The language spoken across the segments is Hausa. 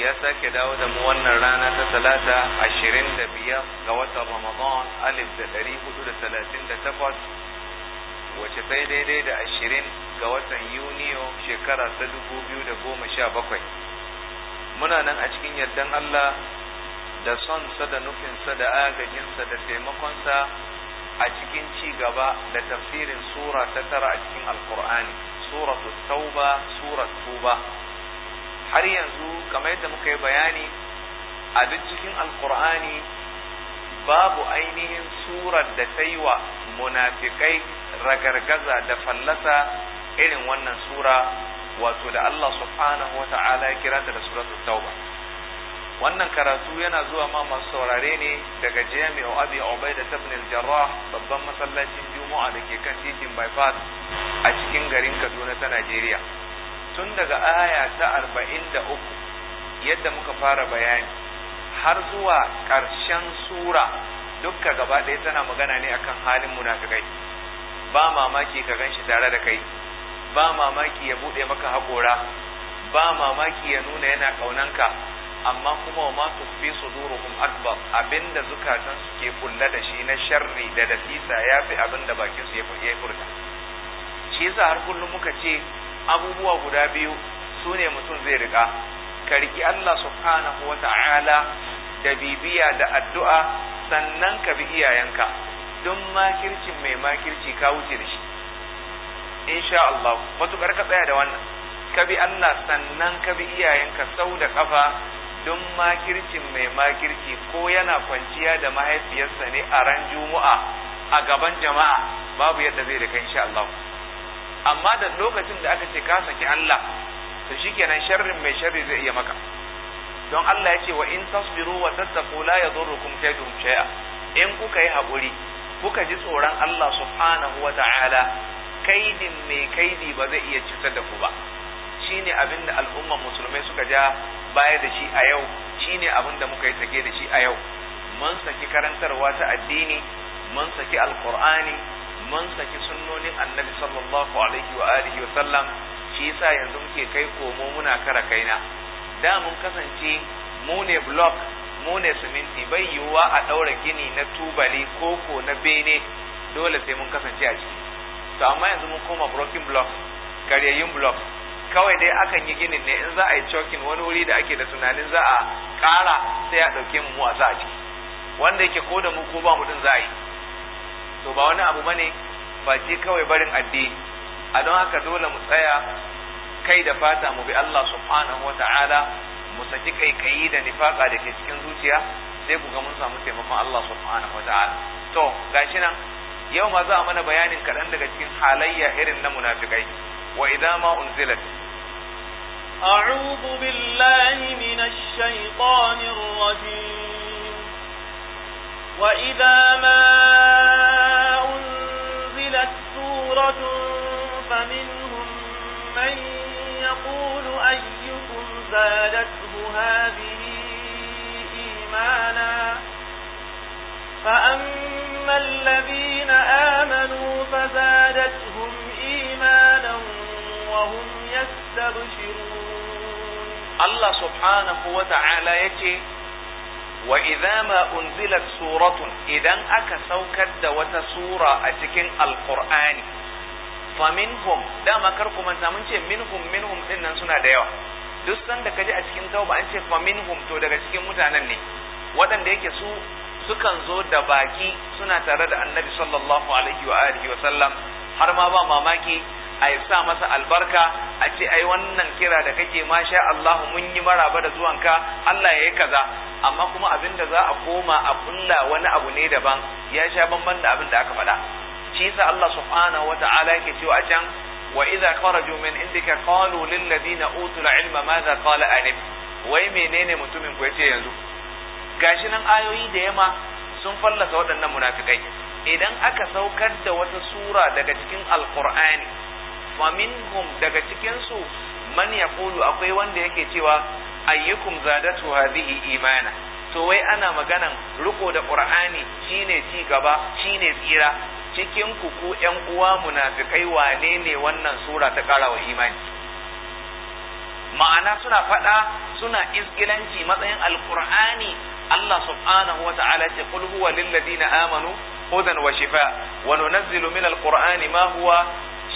ya sake dawo da mu wannan rana ta talata ashirin da biyar ga watan ramadan alif da ɗari hudu da talatin da takwas wace sai daidai da ashirin ga watan yuniyo shekara ta dubu biyu da goma sha bakwai muna nan a cikin yardan allah da son sa da nufinsa da agajinsa da taimakonsa a cikin ci gaba da tafsirin sura ta tara a cikin alkur'ani suratul tauba surat tuba har yanzu kamar yadda muka yi bayani a duk cikin alkur'ani babu ainihin surar da ta yi wa munafikai ragargaza da fallasa irin wannan sura wato da Allah subhanahu wa ta'ala ya kira ta da suratul tauba wannan karatu yana zuwa ma masu saurare ne daga jami'u abi ubaida ibn al-jarrah babban masallacin juma'a da ke kan titin bypass a cikin garin Kaduna ta Najeriya tun daga aya ta arba'in da uku yadda muka fara bayani har zuwa ƙarshen sura dukka gaba ɗaya tana magana ne akan halin munafikai ba mamaki ka gan shi tare da kai ba mamaki ya buɗe maka haƙora ba mamaki ya nuna yana ƙaunanka amma kuma wa masu fi suduruhum akbar abinda zukatan ke kulla da shi na sharri da dasisa ya fi abinda bakin su ya furta shi yasa har kullum muka ce abubuwa guda biyu su ne mutum zai rika ka riki Allah subhanahu wa ta'ala da bibiya da addu'a sannan ka bi iyayenka don makircin mai makirci ka wuce da shi insha Allah ka tsaya da wannan ka bi Allah sannan ka bi iyayenka sau da ƙafa don makircin mai makirci ko yana kwanciya da mahaifiyarsa ne a ran juma'a a gaban jama'a babu yadda zai da kai insha Allah amma da lokacin da aka ce ka saki Allah to shikenan sharrin mai sharri zai iya maka don Allah yake wa in tasbiru wa tattaqu la yadurrukum kayduhum shay'a in kuka yi haƙuri kuka ji tsoron Allah subhanahu wa ta'ala kaidin mai kaidi ba zai iya cutar da ku ba shine abin da al'ummar musulmai suka ja baya da shi a yau shine abin da muka yi sake da shi a yau mun saki karantarwa ta addini mun saki alqur'ani mun saki sunnonin annabi sallallahu alaihi wa alihi wa sallam shi yasa yanzu muke kai komo muna kara kaina da mun kasance mu ne block mu ne siminti bai yiwuwa a daura gini na tubali koko na bene dole sai mun kasance a ciki to amma yanzu mun koma broken block karyayyun block kawai dai akan yi ginin ne in za a yi choking wani wuri da ake da tunanin za a kara sai a dauke mu mu a ciki wanda yake ko da mu ko ba mu din za a yi to ba wani abu bane ba kawai barin addini a don haka dole mu tsaya kai da fata mu bi Allah subhanahu wa ta'ala mu saki kaikayi da nifaka da ke cikin zuciya sai ku ga mun samu taimakon Allah subhanahu wa ta'ala to gashi nan yau ma za a mana bayanin kaɗan daga cikin halayya irin na munafikai wa idza ma unzilat أعوذ بالله من الشيطان الرجيم وإذا ما أنزلت نزلت سورة فمنهم من يقول أيكم زادته هذه إيمانا فأما الذين آمنوا فزادتهم إيمانا وهم يستبشرون الله سبحانه وتعالى يتي wa idza ma unzilat suratun idan aka saukar da wata sura a cikin alqur'ani fa minhum dama kar ku manta mun ce minhum minhum din nan suna da yawa duk sanda kaji a cikin tauba an ce fa minhum to daga cikin mutanen ne waɗanda yake su sukan zo da baki suna tare da annabi sallallahu alaihi wa alihi wa sallam har ma ba mamaki a sa masa albarka a ce ai wannan kira da kake ma sha Allah mun yi maraba da zuwanka Allah ya yi kaza amma kuma abin da za a koma a kulla wani abu ne daban ya sha bamban da abin da aka faɗa shi yasa Allah subhanahu Ta'ala yake cewa a can wa idza kharaju min indika qalu lil ladina utul ilma madha qala anib wai menene mutumin ku yace yanzu gashi nan ayoyi da yama sun fallasa waɗannan munafikai idan aka saukar da wata sura daga cikin alqur'ani wa daga cikin su man yaqulu akwai wanda yake cewa ayyukum zadatu hadhihi imana to wai ana maganan riko da qur'ani shine ci gaba shine tsira cikin ku ku yan uwa munafikai wane ne wannan sura ta karawa imani ma'ana suna faɗa suna iskilanci matsayin alqur'ani Allah subhanahu wa ta'ala ce qul huwa lil ladina amanu hudan wa shifa wa nunazzilu min alqur'ani ma huwa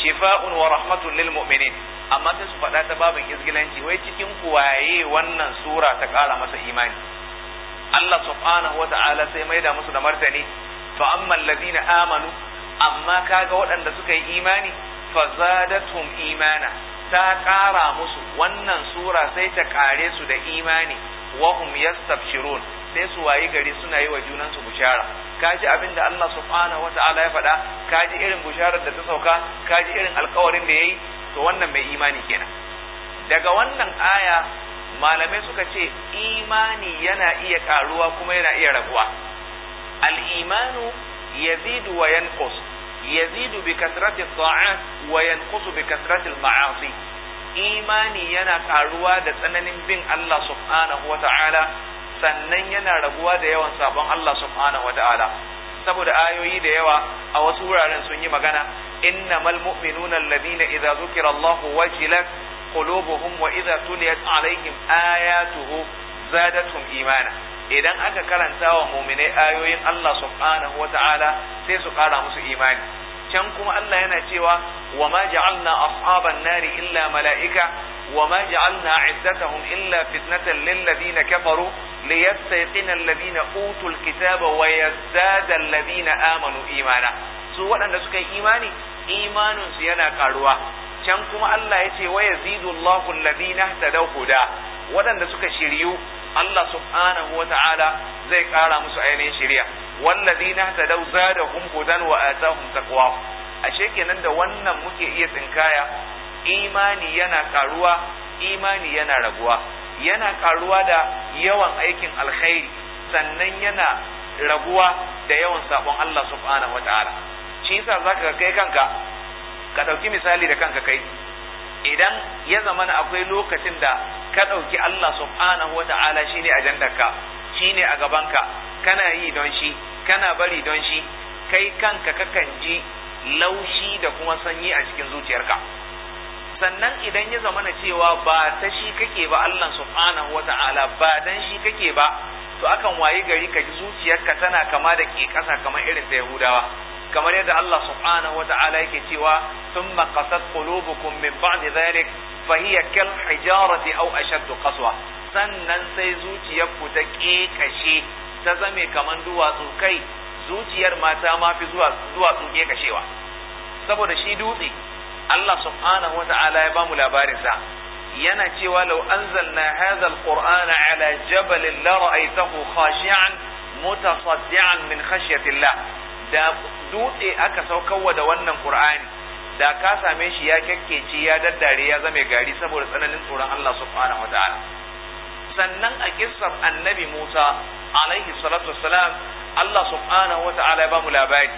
shifa'un wa rahmatun lil mu'minin amma sai su faɗa ta babin izgilanci wai cikin kuwaye wannan sura ta ƙara masa imani Allah subhanahu wa ta'ala sai maida musu da martani fa amma allazina amanu amma kaga waɗanda suka yi imani fa zadatum imana ta ƙara musu wannan sura sai ta ƙare su da imani wa hum yastabshirun sai su wayi gari suna yi wa junansu bishara kaji abin da Allah subhanahu ta'ala ya faɗa kaji irin bisharar da ta sauka kaji irin alkawarin da yayi to wannan mai imani kenan daga wannan aya malamai suka ce imani yana iya karuwa kuma yana iya raguwa al-imanu yazidu wa yanqus yazidu bi kasrati taat wa yanqusu bi kasrati al-ma'asi imani yana karuwa da tsananin bin Allah subhanahu ta'ala. sannan yana raguwa da yawan sabon Allah subhanahu wataala saboda ayoyi da yawa a wasu wuraren sun yi magana innamal mu'minuna alladhina idza zukira Allah wajilat qulubuhum wa idza tuliyat alaihim ayatuhu zadatuhum imana idan aka karanta wa mu'minai ayoyin Allah subhanahu wataala sai su kara musu imani can kuma Allah yana cewa wa ma ja'alna ashaban nari illa mala'ika wa ma ja'alna iddatahum illa fitnatan lil ladina kafaru liyastayqina alladhina utul kitaba wa yazdada alladhina amanu imana su waɗanda suka yi imani imanin su yana karuwa can kuma Allah ya ce wa yazidu Allahu alladhina ihtadaw waɗanda suka shiryu Allah subhanahu wata'ala zai kara musu ainihin shari'a wallazina tadaw zadahum hudan wa atahum taqwa ashe kenan da wannan muke iya tsinkaya imani yana karuwa imani yana raguwa yana karuwa da yawan aikin alkhairi sannan yana raguwa da yawan sabon Allah subhanahu wata'ala shi yasa zaka kai kanka ka dauki misali da kanka kai idan ya zamana akwai lokacin da ka ɗauki Allah subhanahu wata'ala shine shi shine a gabanka kana yi don shi kana bari don shi kai kanka kakan ji laushi da kuma sanyi a cikin zuciyarka sannan idan ya zamana cewa ba ta shi kake ba Allah subhanahu wata'ala ba dan shi kake ba to akan wayi gari ka ji zuciyarka tana kama da ke kasa kamar irin ta Yahudawa kamar yadda Allah subhanahu wata'ala yake cewa sun qasat qulubukum min ba'di zalik fa hiya kal hijarati aw ashaddu qaswa sannan sai zuciyarku ta kekashe ta zame kaman duwatsu kai zuciyar mata ma fi zuwa duwatsu kekashewa saboda shi dutse Allah subhanahu wata'ala ya bamu labarin sa yana cewa law anzalna hadha alqur'ana ala jabalin la ra'aytahu khashi'an mutasaddian min khashyati Allah da dutse aka saukarwa da wannan qur'ani da ka same shi ya kyakkece ya daddare ya zame gari saboda tsananin tsoron Allah subhanahu wataala sannan a kissar annabi Musa alaihi salatu wassalam Allah subhanahu wataala ya bamu labari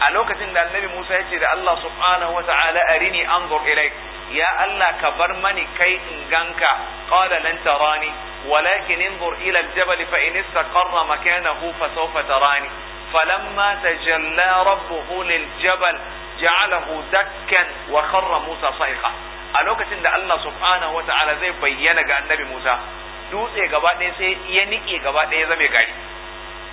a lokacin da annabi Musa ya ce da Allah subhanahu wataala arini anzur ilaik ya Allah ka bar mani kai in ganka qala lan tarani walakin انظر الى الجبل فان استقر مكانه فسوف تراني فلما تجلى ربه للجبل جعله دكا وخر موسى صيحة a lokacin da Allah subhanahu wa ta'ala zai bayyana ga annabi Musa dutse gaba ɗaya sai ya niƙe gaba ɗaya zame gari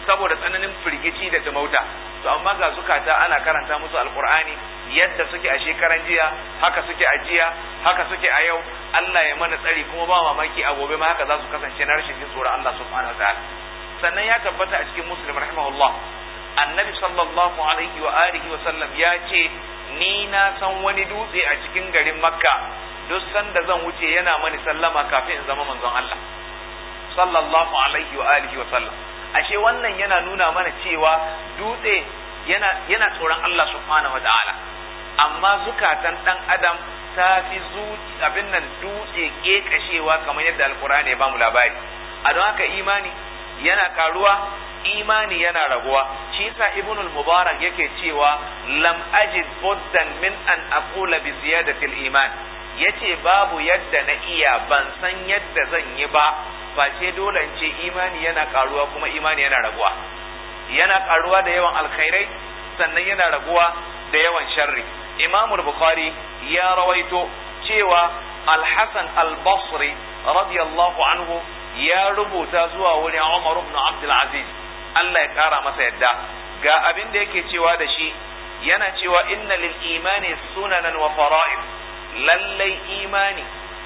saboda tsananin firgici da tumauta to amma ga zukata ana karanta musu alqur'ani yadda suke a shekaran jiya haka suke a jiya haka suke a yau Allah ya mana tsari kuma ba mamaki a gobe ma haka za su kasance na rashin jin tsoron Allah subhanahu wa ta'ala sannan ya tabbata a cikin muslim rahimahullah annabi sallallahu alaihi wa alihi wa sallam ya ce ni na san wani dutse a cikin garin makka duk sanda zan wuce yana mani sallama kafin in zama manzon Allah sallallahu alaihi wa alihi wa sallam ashe wannan yana nuna mana cewa dutse yana yana tsoron Allah subhanahu wa ta'ala amma zukatan dan adam ta fi zuci abin nan dutse kashewa kamar yadda alkur'ani ya bamu labari a don haka imani yana karuwa imani yana raguwa shi yasa ibn al-mubarak yake cewa lam ajid buddan min an aqula bi ziyadati al-iman yace babu yadda na iya ban san yadda zan yi ba face dole in ce imani yana karuwa kuma imani yana raguwa yana karuwa da yawan alkhairai sannan yana raguwa da yawan sharri imam bukhari ya rawaito cewa al-hasan al-basri radiyallahu anhu ya rubuta zuwa wurin umar ibn abdul aziz Allah ya ƙara masa yadda ga abin da yake cewa da shi yana cewa inna lil imani sunanan wa fara'id lallai imani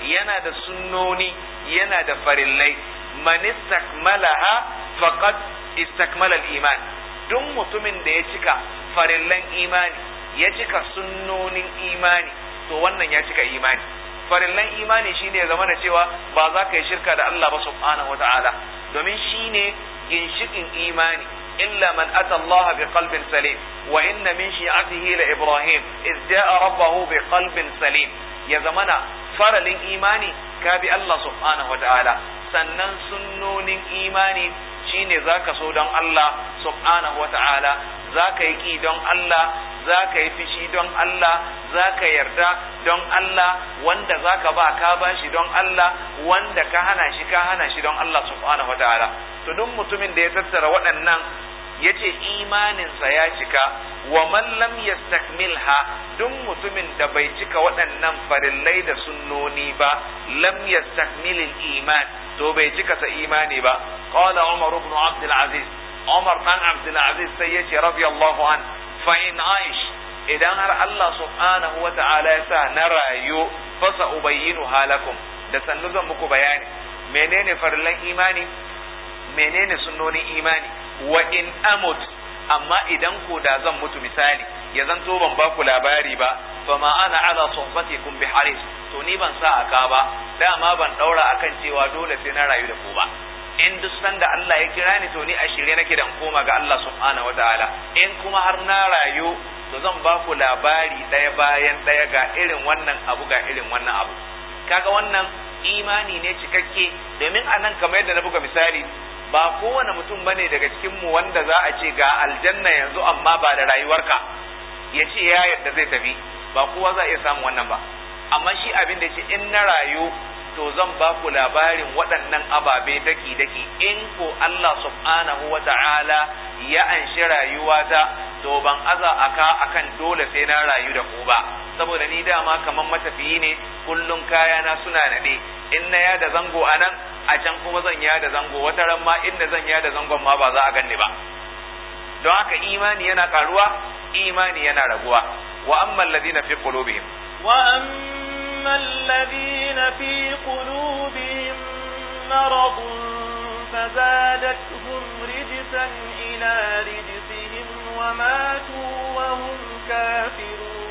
yana da sunnoni yana da farillai man istakmalaha faqad istakmala al iman duk mutumin da ya cika farillan imani ya cika sunnonin imani to wannan ya cika imani farillan imani shine ya zama da cewa ba za ka yi shirka da Allah ba subhanahu wataala domin shine ginshikin imani illa man ata Allah bi qalbin salim wa inna min shi'atihi la ibrahim iz ja'a rabbahu bi qalbin salim ya zamana faralin imani ka bi Allah subhanahu wa ta'ala sannan sunnonin imani Shi za zaka so don Allah subhanahu Za zaka yi ƙi don Allah zaka yi fishi don Allah zaka yarda don Allah wanda zaka ba ka ba shi don Allah wanda ka hana shi ka hana shi don Allah subhanahu ta'ala? to duk mutumin da ya tattara waɗannan ya ce imaninsa ya cika wa man lam yastakmilha duk mutumin da bai cika waɗannan farillai da sunnoni ba lam yastakmilil iman to bai cikasa imani ba qala umar ibn abd al-aziz umar dan abd al-aziz sai yace radiyallahu an fa in aish idan har Allah subhanahu wa ta'ala ya sa na rayu fa sa ubayyinu halakum da sannu zan muku bayani menene farlan imani menene sunnonin imani wa in amut amma idan ko da zan mutu misali ya zanto ban ba ku labari ba fa ma ana ala kun bi haris to ni ban sa aka ba dama ban daura akan cewa dole sai na rayu da ku ba in duk sanda Allah ya kira ni to ni a shirye nake da koma ga Allah subhanahu wataala in kuma har na rayu to zan ba ku labari ɗaya bayan ɗaya ga irin wannan abu ga irin wannan abu kaga wannan imani ne cikakke domin anan kamar yadda na buga misali ba kowane mutum bane daga cikin mu wanda za a ce ga aljanna yanzu amma ba da rayuwarka ya ce ya yarda zai tafi ba kowa za a iya samun wannan ba amma shi abin da ce in na rayu to zan ba ku labarin waɗannan ababe daki daki in ko Allah subhanahu wa ta'ala ya anshi rayuwata to ban aza aka akan dole sai na rayu da ku ba saboda ni dama kamar matafiyi ne kullum kayana suna nade in na yada zango anan a can kuma zan yada zango wata ma inda zan yada zangon ma ba za a ganni ba don haka imani yana karuwa imani yana raguwa wa amma alladhina fi qulubihim wa amma alladhina fi qulubihim maradun fazadatuhum rijsan ila rijsihim wa matu wa hum kafirun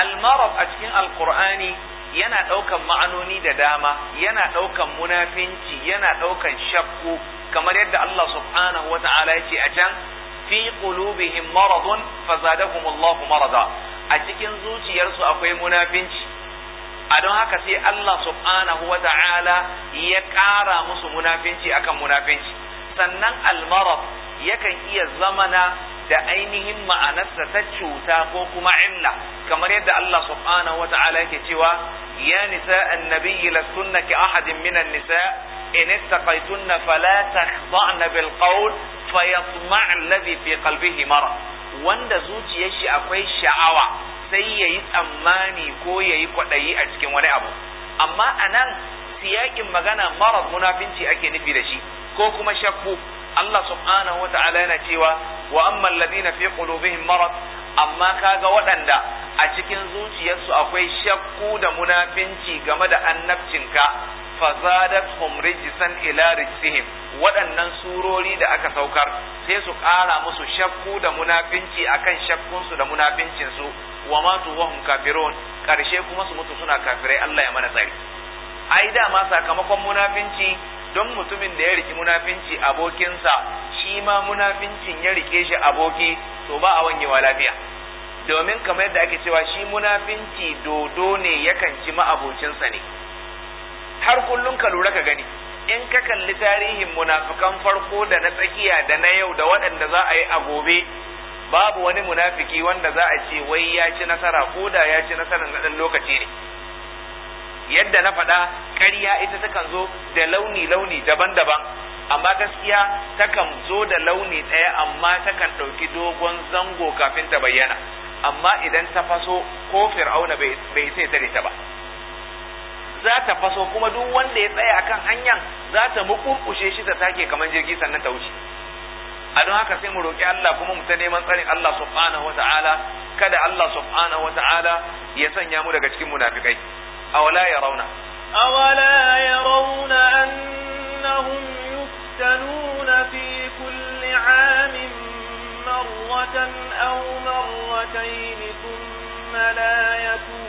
al marad a cikin al qur'ani yana daukan ma'anoni da dama yana daukan munafinci yana daukan shakku kamar yadda Allah subhanahu wa ta'ala ya a can fi qulubihim maradun fazadahumullahu marada a cikin zuciyarsu akwai munafinci a don haka sai Allah subhanahu wa ta'ala ya ƙara musu munafinci akan munafinci sannan almarad yakan iya zamana da ainihin ma'anarsa ta cuta ko kuma illa kamar yadda Allah subhanahu wa ta'ala yake cewa ya nisa annabiyyi lastunna ki ahadin minan nisa in ittaqaytunna fala takhda'na bil qawl fa yatma alladhi fi qalbihi wanda zuciyar shi akwai sha'awa sai yayi tsammani ko yayi kwaɗayi a cikin wani abu amma anan siyakin magana mara munafinci ake nufi da shi ko kuma shakku Allah subhanahu wa ta'ala yana cewa wa amma alladhina fi qulubihim marad amma kaga waɗanda a cikin zuciyarsu akwai shakku da munafinci game da annabcinka fazadathum rijsan ila rijsihim waɗannan surori da aka saukar sai su ƙara musu shakku da munafinci akan shakkunsu da munafincinsu wa matu wahum kafirun ƙarshe kuma su mutu suna kafirai Allah ya mana tsari ai da ma sakamakon munafinci don mutumin da ya riki munafinci abokinsa shi ma munafincin ya rike shi aboki to ba a wangewa lafiya domin kamar yadda ake cewa shi munafinci dodo ne yakan ci ma'abocinsa ne har kullum ka lura ka gani in ka kalli tarihin munafikan farko da na tsakiya da na yau da waɗanda za a yi a gobe babu wani munafiki wanda za a ce wai ya ci nasara ko da ya ci nasara na ɗan lokaci ne yadda na faɗa ƙarya ita takan zo da launi-launi daban-daban amma gaskiya takan zo da launi ɗaya amma takan ɗauki dogon zango kafin ta bayyana amma idan ta faso ko fir'auna bai sai ta ba za ta faso kuma duk wanda ya tsaya akan hanyar za ta mukurkushe shi ta take kamar jirgi sannan ta wuce a don haka sai mu roƙi Allah kuma mu ta neman tsarin Allah subhanahu wata'ala kada Allah subhanahu wata'ala ya sanya mu daga cikin munafikai awala ya rauna awala ya rauna annahum yuftanuna fi kulli 'amin marwatan aw marwatayn thumma la yakun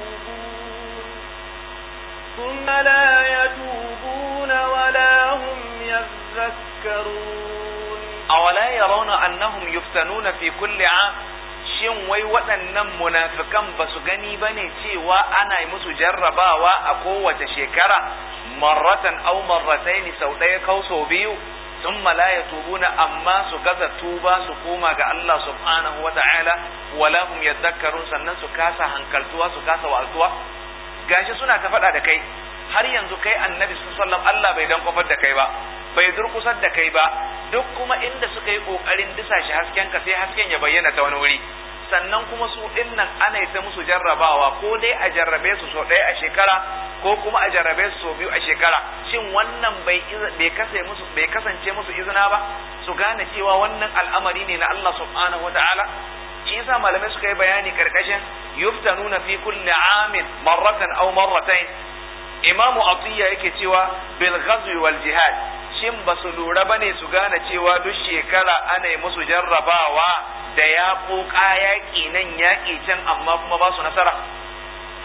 ثم لا يتوبون ولا هم يذكرون أولا يرون أنهم يفتنون في كل عام shin wai waɗannan munafikan ba su gani ba ne cewa ana musu jarrabawa a kowace shekara marratan au marrataini sau ɗaya kau sau biyu sun malaya tubuna amma su gaza tuba su koma ga Allah subhanahu wa ta'ala wala hum yadhakkarun sannan su kasa hankaltuwa su kasa wa'altuwa gashi suna ta faɗa da kai har yanzu kai annabi sallam Allah bai dan kofar da kai ba bai durkusar da kai ba duk kuma inda suka yi kokarin disa shi hasken ka sai hasken ya bayyana ta wani wuri sannan kuma su dinnan ana ta musu jarrabawa ko dai a jarrabe su so ɗaya a shekara ko kuma a jarrabe su so biyu a shekara shin wannan bai musu bai kasance musu izina ba su gane cewa wannan al'amari ne na Allah subhanahu wataala Isa yasa malamai suka yi bayani karkashin yuftanuna fi kulli amin marratan aw marratayn imamu atiya yake cewa bil ghazwi wal jihad shin ba su lura ba ne su gane cewa duk shekara ana yi musu jarrabawa da ya ƙoƙa yaƙi nan yaƙi can amma kuma ba su nasara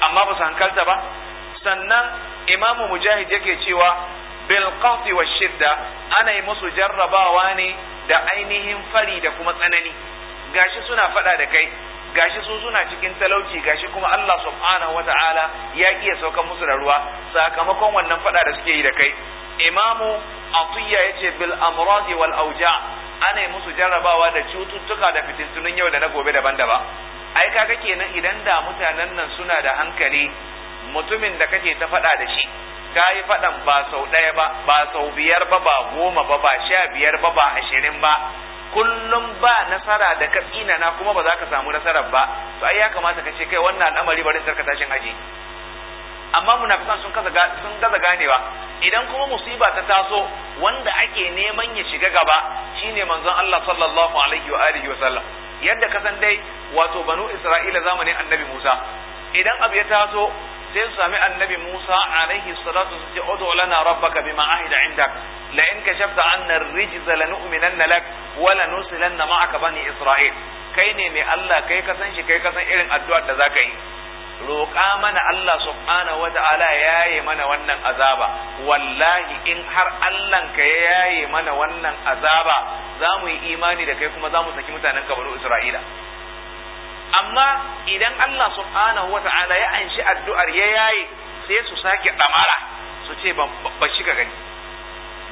amma ba su hankalta ba sannan imamu mujahid yake cewa bil wa shidda ana yi musu jarrabawa ne da ainihin fari da kuma tsanani gashi suna faɗa da kai gashi su suna cikin talauci gashi kuma Allah subhanahu wata'ala ya iya saukan musu da ruwa sakamakon wannan faɗa da suke yi da kai imamu atiyya yace bil amradi wal auja ana musu jarrabawa da cututtuka da fitintunin yau da na gobe daban-daban ai kaga kenan idan da mutanen nan suna da hankali mutumin da kake ta faɗa da shi ka yi faɗan ba sau ɗaya ba ba sau biyar ba ba goma ba ba sha biyar ba ba ashirin ba kullum ba nasara da ka tsina na kuma ba za ka samu nasarar ba to ai ya kamata ka ce kai wannan al'amari bari sarka tashin aji amma munafikan sun kaza sun ganewa idan kuma musiba ta taso wanda ake neman ya shiga gaba shine manzon Allah sallallahu alaihi wa alihi wa sallam yadda ka san dai wato banu Isra'ila zamanin annabi Musa idan abu ya taso sai su sami annabi Musa alaihi salatu su ce udu lana rabbaka bima ahida indak la in kashafta anna ar-rijza lanu'minanna lak wa lanusilanna ma'aka bani isra'il kai ne mai Allah kai ka san shi kai ka san irin addu'ar da zaka yi roƙa mana Allah subhanahu wa ta'ala ya yaye mana wannan azaba wallahi in har Allah ka ya yaye mana wannan azaba za mu yi imani da kai kuma za mu saki mutanen kabaru Isra'ila amma idan Allah subhanahu ta'ala ya anshi addu'ar ya yaye sai su sake damara su ce ba shi ka gani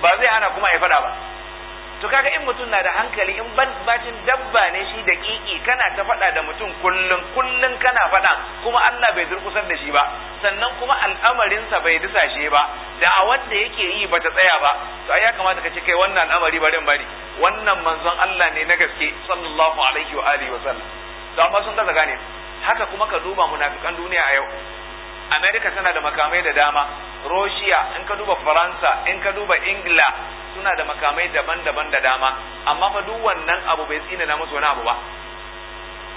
ba zai hana kuma ya fada ba to kaga in mutum na da hankali in bacin dabba ne shi da kiki kana ta fada da mutum kullun kullun kana fada kuma Allah bai durkusar da shi ba sannan kuma al'amarin al'amarinsa bai dusashe ba Da a wanda yake yi ba ta tsaya ba to ai ya kamata ka ce kai wannan al'amari bari bari wannan manzon Allah ne na gaske sallallahu alaihi wa alihi wa sallam to amma sun kasa gane haka kuma ka duba munafikan duniya a yau america tana da makamai da dama russia in ka duba faransa in ka duba ingila suna da makamai daban-daban da dama amma fa duk wannan abu bai tsina na musu wani abu ba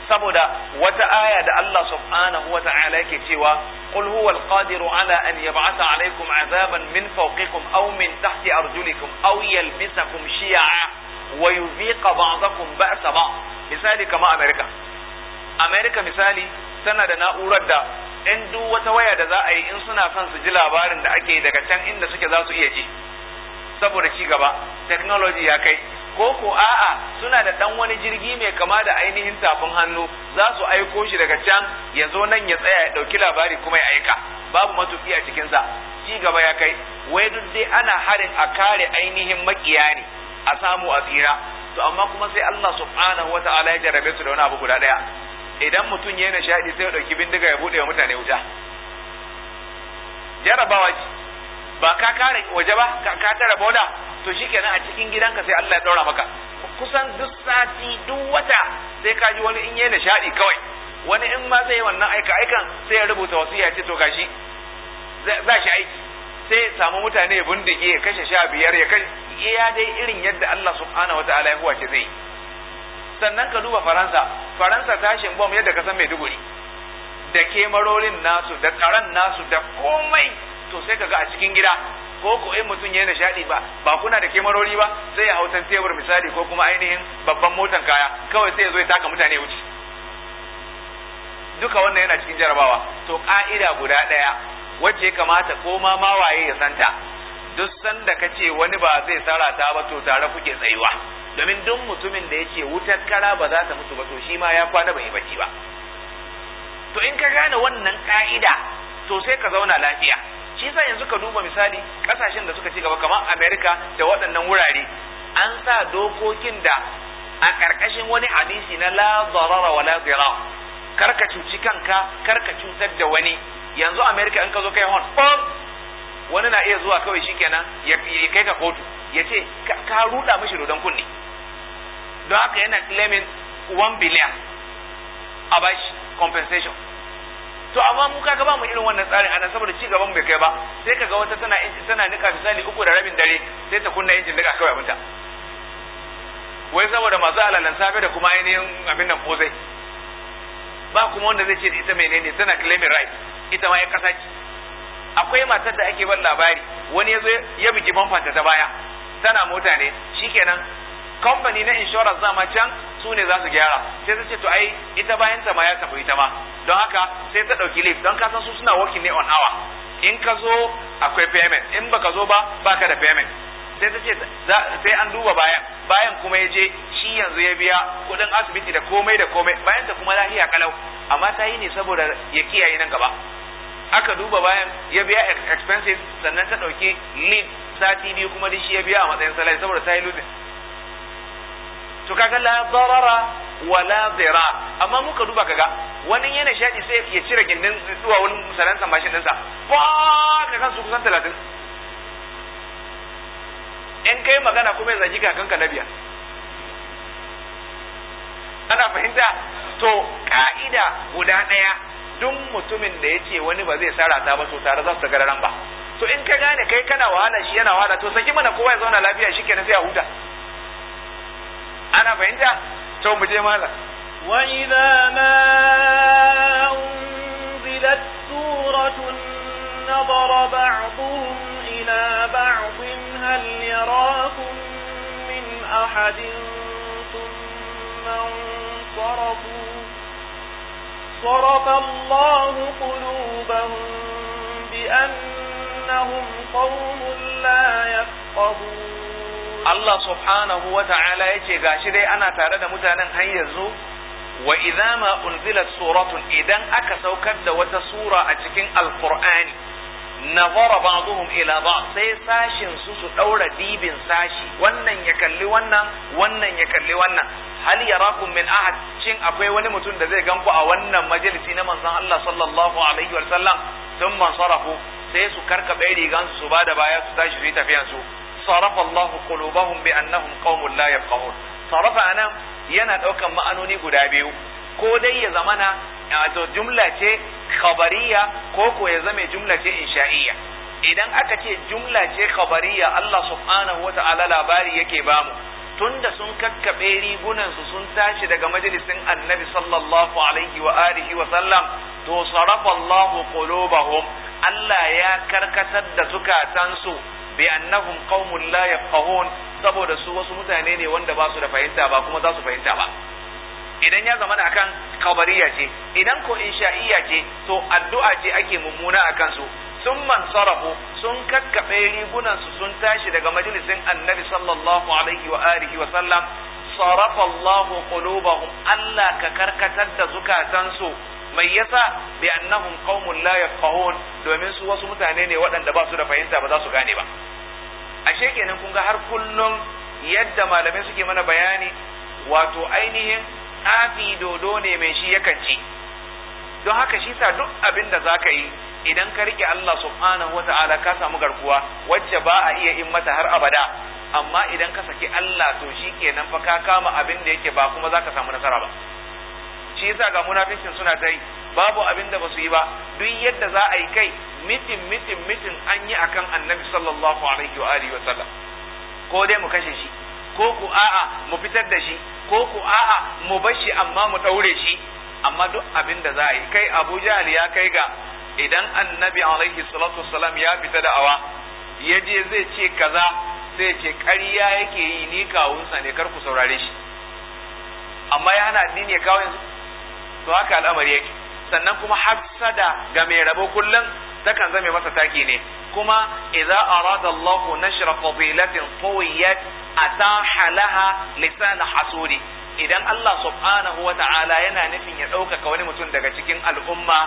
saboda wata aya da Allah subhanahu wa ta'ala yake cewa qul huwa qadiru ala an yab'atha alaykum azaban min fawqikum aw min tahti arjulikum aw yalbisakum shi'a wa yudhiqa ba'dakum ba'sa ba misali kama America america misali tana da na'urar da in duk wata waya da za a yi in suna son su ji labarin da ake daga can inda suke za su iya ji saboda ci gaba technology ya kai ko ko a'a suna da dan wani jirgi mai kama da ainihin tafin hannu za su aiko shi daga can ya zo nan ya tsaya ya dauki labari kuma ya aika babu matuƙi a cikin sa ci gaba ya kai wai duk dai ana harin a kare ainihin makiya ne a samu a tsira to amma kuma sai Allah subhanahu wataala ya jarabe su da wani abu guda daya idan mutum ya nishaɗi sai ya ɗauki bindiga ya buɗe wa mutane wuta jarabawa ba ka kare waje ba ka tara boda? to shikenan a cikin gidanka sai Allah ya ɗora maka kusan duk sati duk wata sai ka ji wani in ya nishaɗi kawai wani in ma zai wannan aika aikan sai ya rubuta wasiya ce to gashi za shi aiki sai ya samu mutane ya bindige ya kashe sha biyar ya kashe iya dai irin yadda Allah subhanahu wataala ya ce zai yi sannan ka duba faransa faransa tashin bom yadda ka san mai maiduguri da kemarorin nasu da tsaron nasu da komai to sai ka ga a cikin gida ko ko in mutum ya yi nishaɗi ba ba kuna da kemarori ba sai ya hautan tebur misali ko kuma ainihin babban motan kaya kawai sai ya zo ya taka mutane wuce duka wannan yana cikin jarabawa to ka'ida guda ɗaya wacce ya kamata ko ma mawaye ya santa duk sanda ka ce wani ba zai sarata ba to tare kuke tsayuwa domin duk mutumin da ya ce wutar kara ba za ta mutu ba to shi ma ya kwana bai bacci ba to in ka gane wannan ka'ida to sai ka zauna lafiya shi sa yanzu ka duba misali kasashen da suka ci gaba kamar America da waɗannan wurare an sa dokokin da a ƙarƙashin wani hadisi na la darara wa la Kar karka cuci kanka karka cutar da wani yanzu America in ka zo kai hon bom wani na iya zuwa kawai shikenan ya kai ka kotu ya ce ka ruda mishi dodon kunne don haka yana claiming one billion a bashi compensation to amma mu kaga ba mu irin wannan tsarin ana saboda ci gaban bai kai ba sai kaga wata tana tana nika misali uku da rabin dare sai ta kunna injin daga kawai abinta wai saboda masu alalan safe da kuma ainihin abin nan kozai ba kuma wanda zai ce da ita menene tana claiming right ita ma ya kasa akwai matar da ake ban labari wani ya zo ya bugi bamfanta ta baya tana mota ne shikenan kamfani na insurance ma can su ne za su gyara sai ta ce to ai ita bayan ta ma ya tafi ita ma don haka sai ta dauki leave don kasan su suna working ne on hour in ka zo akwai payment in baka zo ba baka da payment sai ta ce sai an duba bayan bayan kuma ya je shi yanzu ya biya kudin asibiti da komai da komai bayan ta kuma lafiya kalau amma ta yi ne saboda ya kiyaye nan gaba aka duba bayan ya biya expenses sannan ta dauki leave sati biyu kuma da shi ya biya a matsayin salari saboda ta yi losing to kaga la darara wa la dira amma muka duba kaga wani yana shaɗi sai ya cire gindin zuwa wani salansa mashin dinsa ba ka su kusan talatin in kai magana kuma ya zagi kakanka na biyar ana fahimta to ka'ida guda ɗaya duk mutumin da ya ce wani ba zai sarata ba to tare za su gara ran ba to in ka gane kai kana wahala shi yana wahala to saki mana kowa ya zauna lafiya shi kenan sai a huta ana fahimta to mu je malam wa idza ma unzilat suratun nadara ba'dhum ila ba'dhin hal yarakum min ahadin thumma انصرفوا صرف الله قلوبهم بأنهم قوم لا يفقهون Allah subhanahu wa ta'ala yace gashi dai ana tare da mutanen har yanzu wa idza unzilat suratun idan aka saukar da wata sura a cikin alqur'ani nazara ba'dhum ila ba sai sashin su su daura dibin sashi wannan ya kalli wannan wannan ya kalli wannan hal yarakum min ahad cin akwai wani mutum da zai ganku a wannan majalisi na manzon Allah sallallahu alaihi wa sallam sun mansarafu sai su karkaɓe rigansu su ba da baya su tashi su yi tafiyansu صرف الله قلوبهم بأنهم قوم لا يفقهون صرف أنا yana ɗaukan ma'anoni guda biyu ko dai ya zamana wato jumla ce khabariya ko ko ya zame jumla ce insha'iyya idan aka ce jumla ce khabariya Allah subhanahu wata'ala labari yake bamu tunda sun kakkaɓe rigunansu sun tashi daga majalisin annabi sallallahu alaihi wa alihi wa sallam to sarafa Allahu qulubahum Allah ya karkatar da zukatansu bi annahum qaumun la yafqahun saboda su wasu mutane ne wanda ba su da fahimta ba kuma za su fahimta ba idan ya zama akan kabariya ce idan ko insha'iyya ce to addu'a ce ake mummuna akan su sun mansarafu sun kakkaɓe su sun tashi daga majalisin annabi sallallahu alaihi wa alihi wa sallam sarafa Allahu qulubahum Allah ka karkatar da zukatansu mai yasa bi annahum qaumun la yafqahun domin su wasu mutane ne waɗanda ba su da fahimta ba za su gane ba ashe kenan kun ga har kullum yadda malamai suke mana bayani wato ainihin tsafi dodo ne mai shi yakan ci don haka shi sa duk abin da zaka yi idan ka rike Allah subhanahu wata'ala ka samu garkuwa wacce ba a iya in mata har abada amma idan ka saki Allah to shi kenan fa ka kama abin da yake ba kuma zaka samu nasara ba shi yasa ga munafincin suna ta yi babu abin da basu yi ba duk yadda za a yi kai mitin mitin mitin an yi akan annabi sallallahu alaihi wa alihi wa sallam ko dai mu kashe shi ko ku a'a mu fitar da shi ko ku a'a mu bar shi amma mu daure shi amma duk abin da za a yi kai Abu Jahl ya kai ga idan annabi alaihi salatu wassalam ya fita da awa yaje zai ce kaza sai ce ƙarya yake yi ni kawunsa ne kar ku saurare shi amma yana hana addini ya kawo yanzu to haka al'amari yake sannan kuma hafsada ga mai rabo kullum takan zame masa taki ne kuma idza arada Allahu nashra fadilatin qawiyat ataha laha lisan hasudi idan Allah subhanahu wata'ala yana nufin ya ɗaukaka wani mutum daga cikin al'umma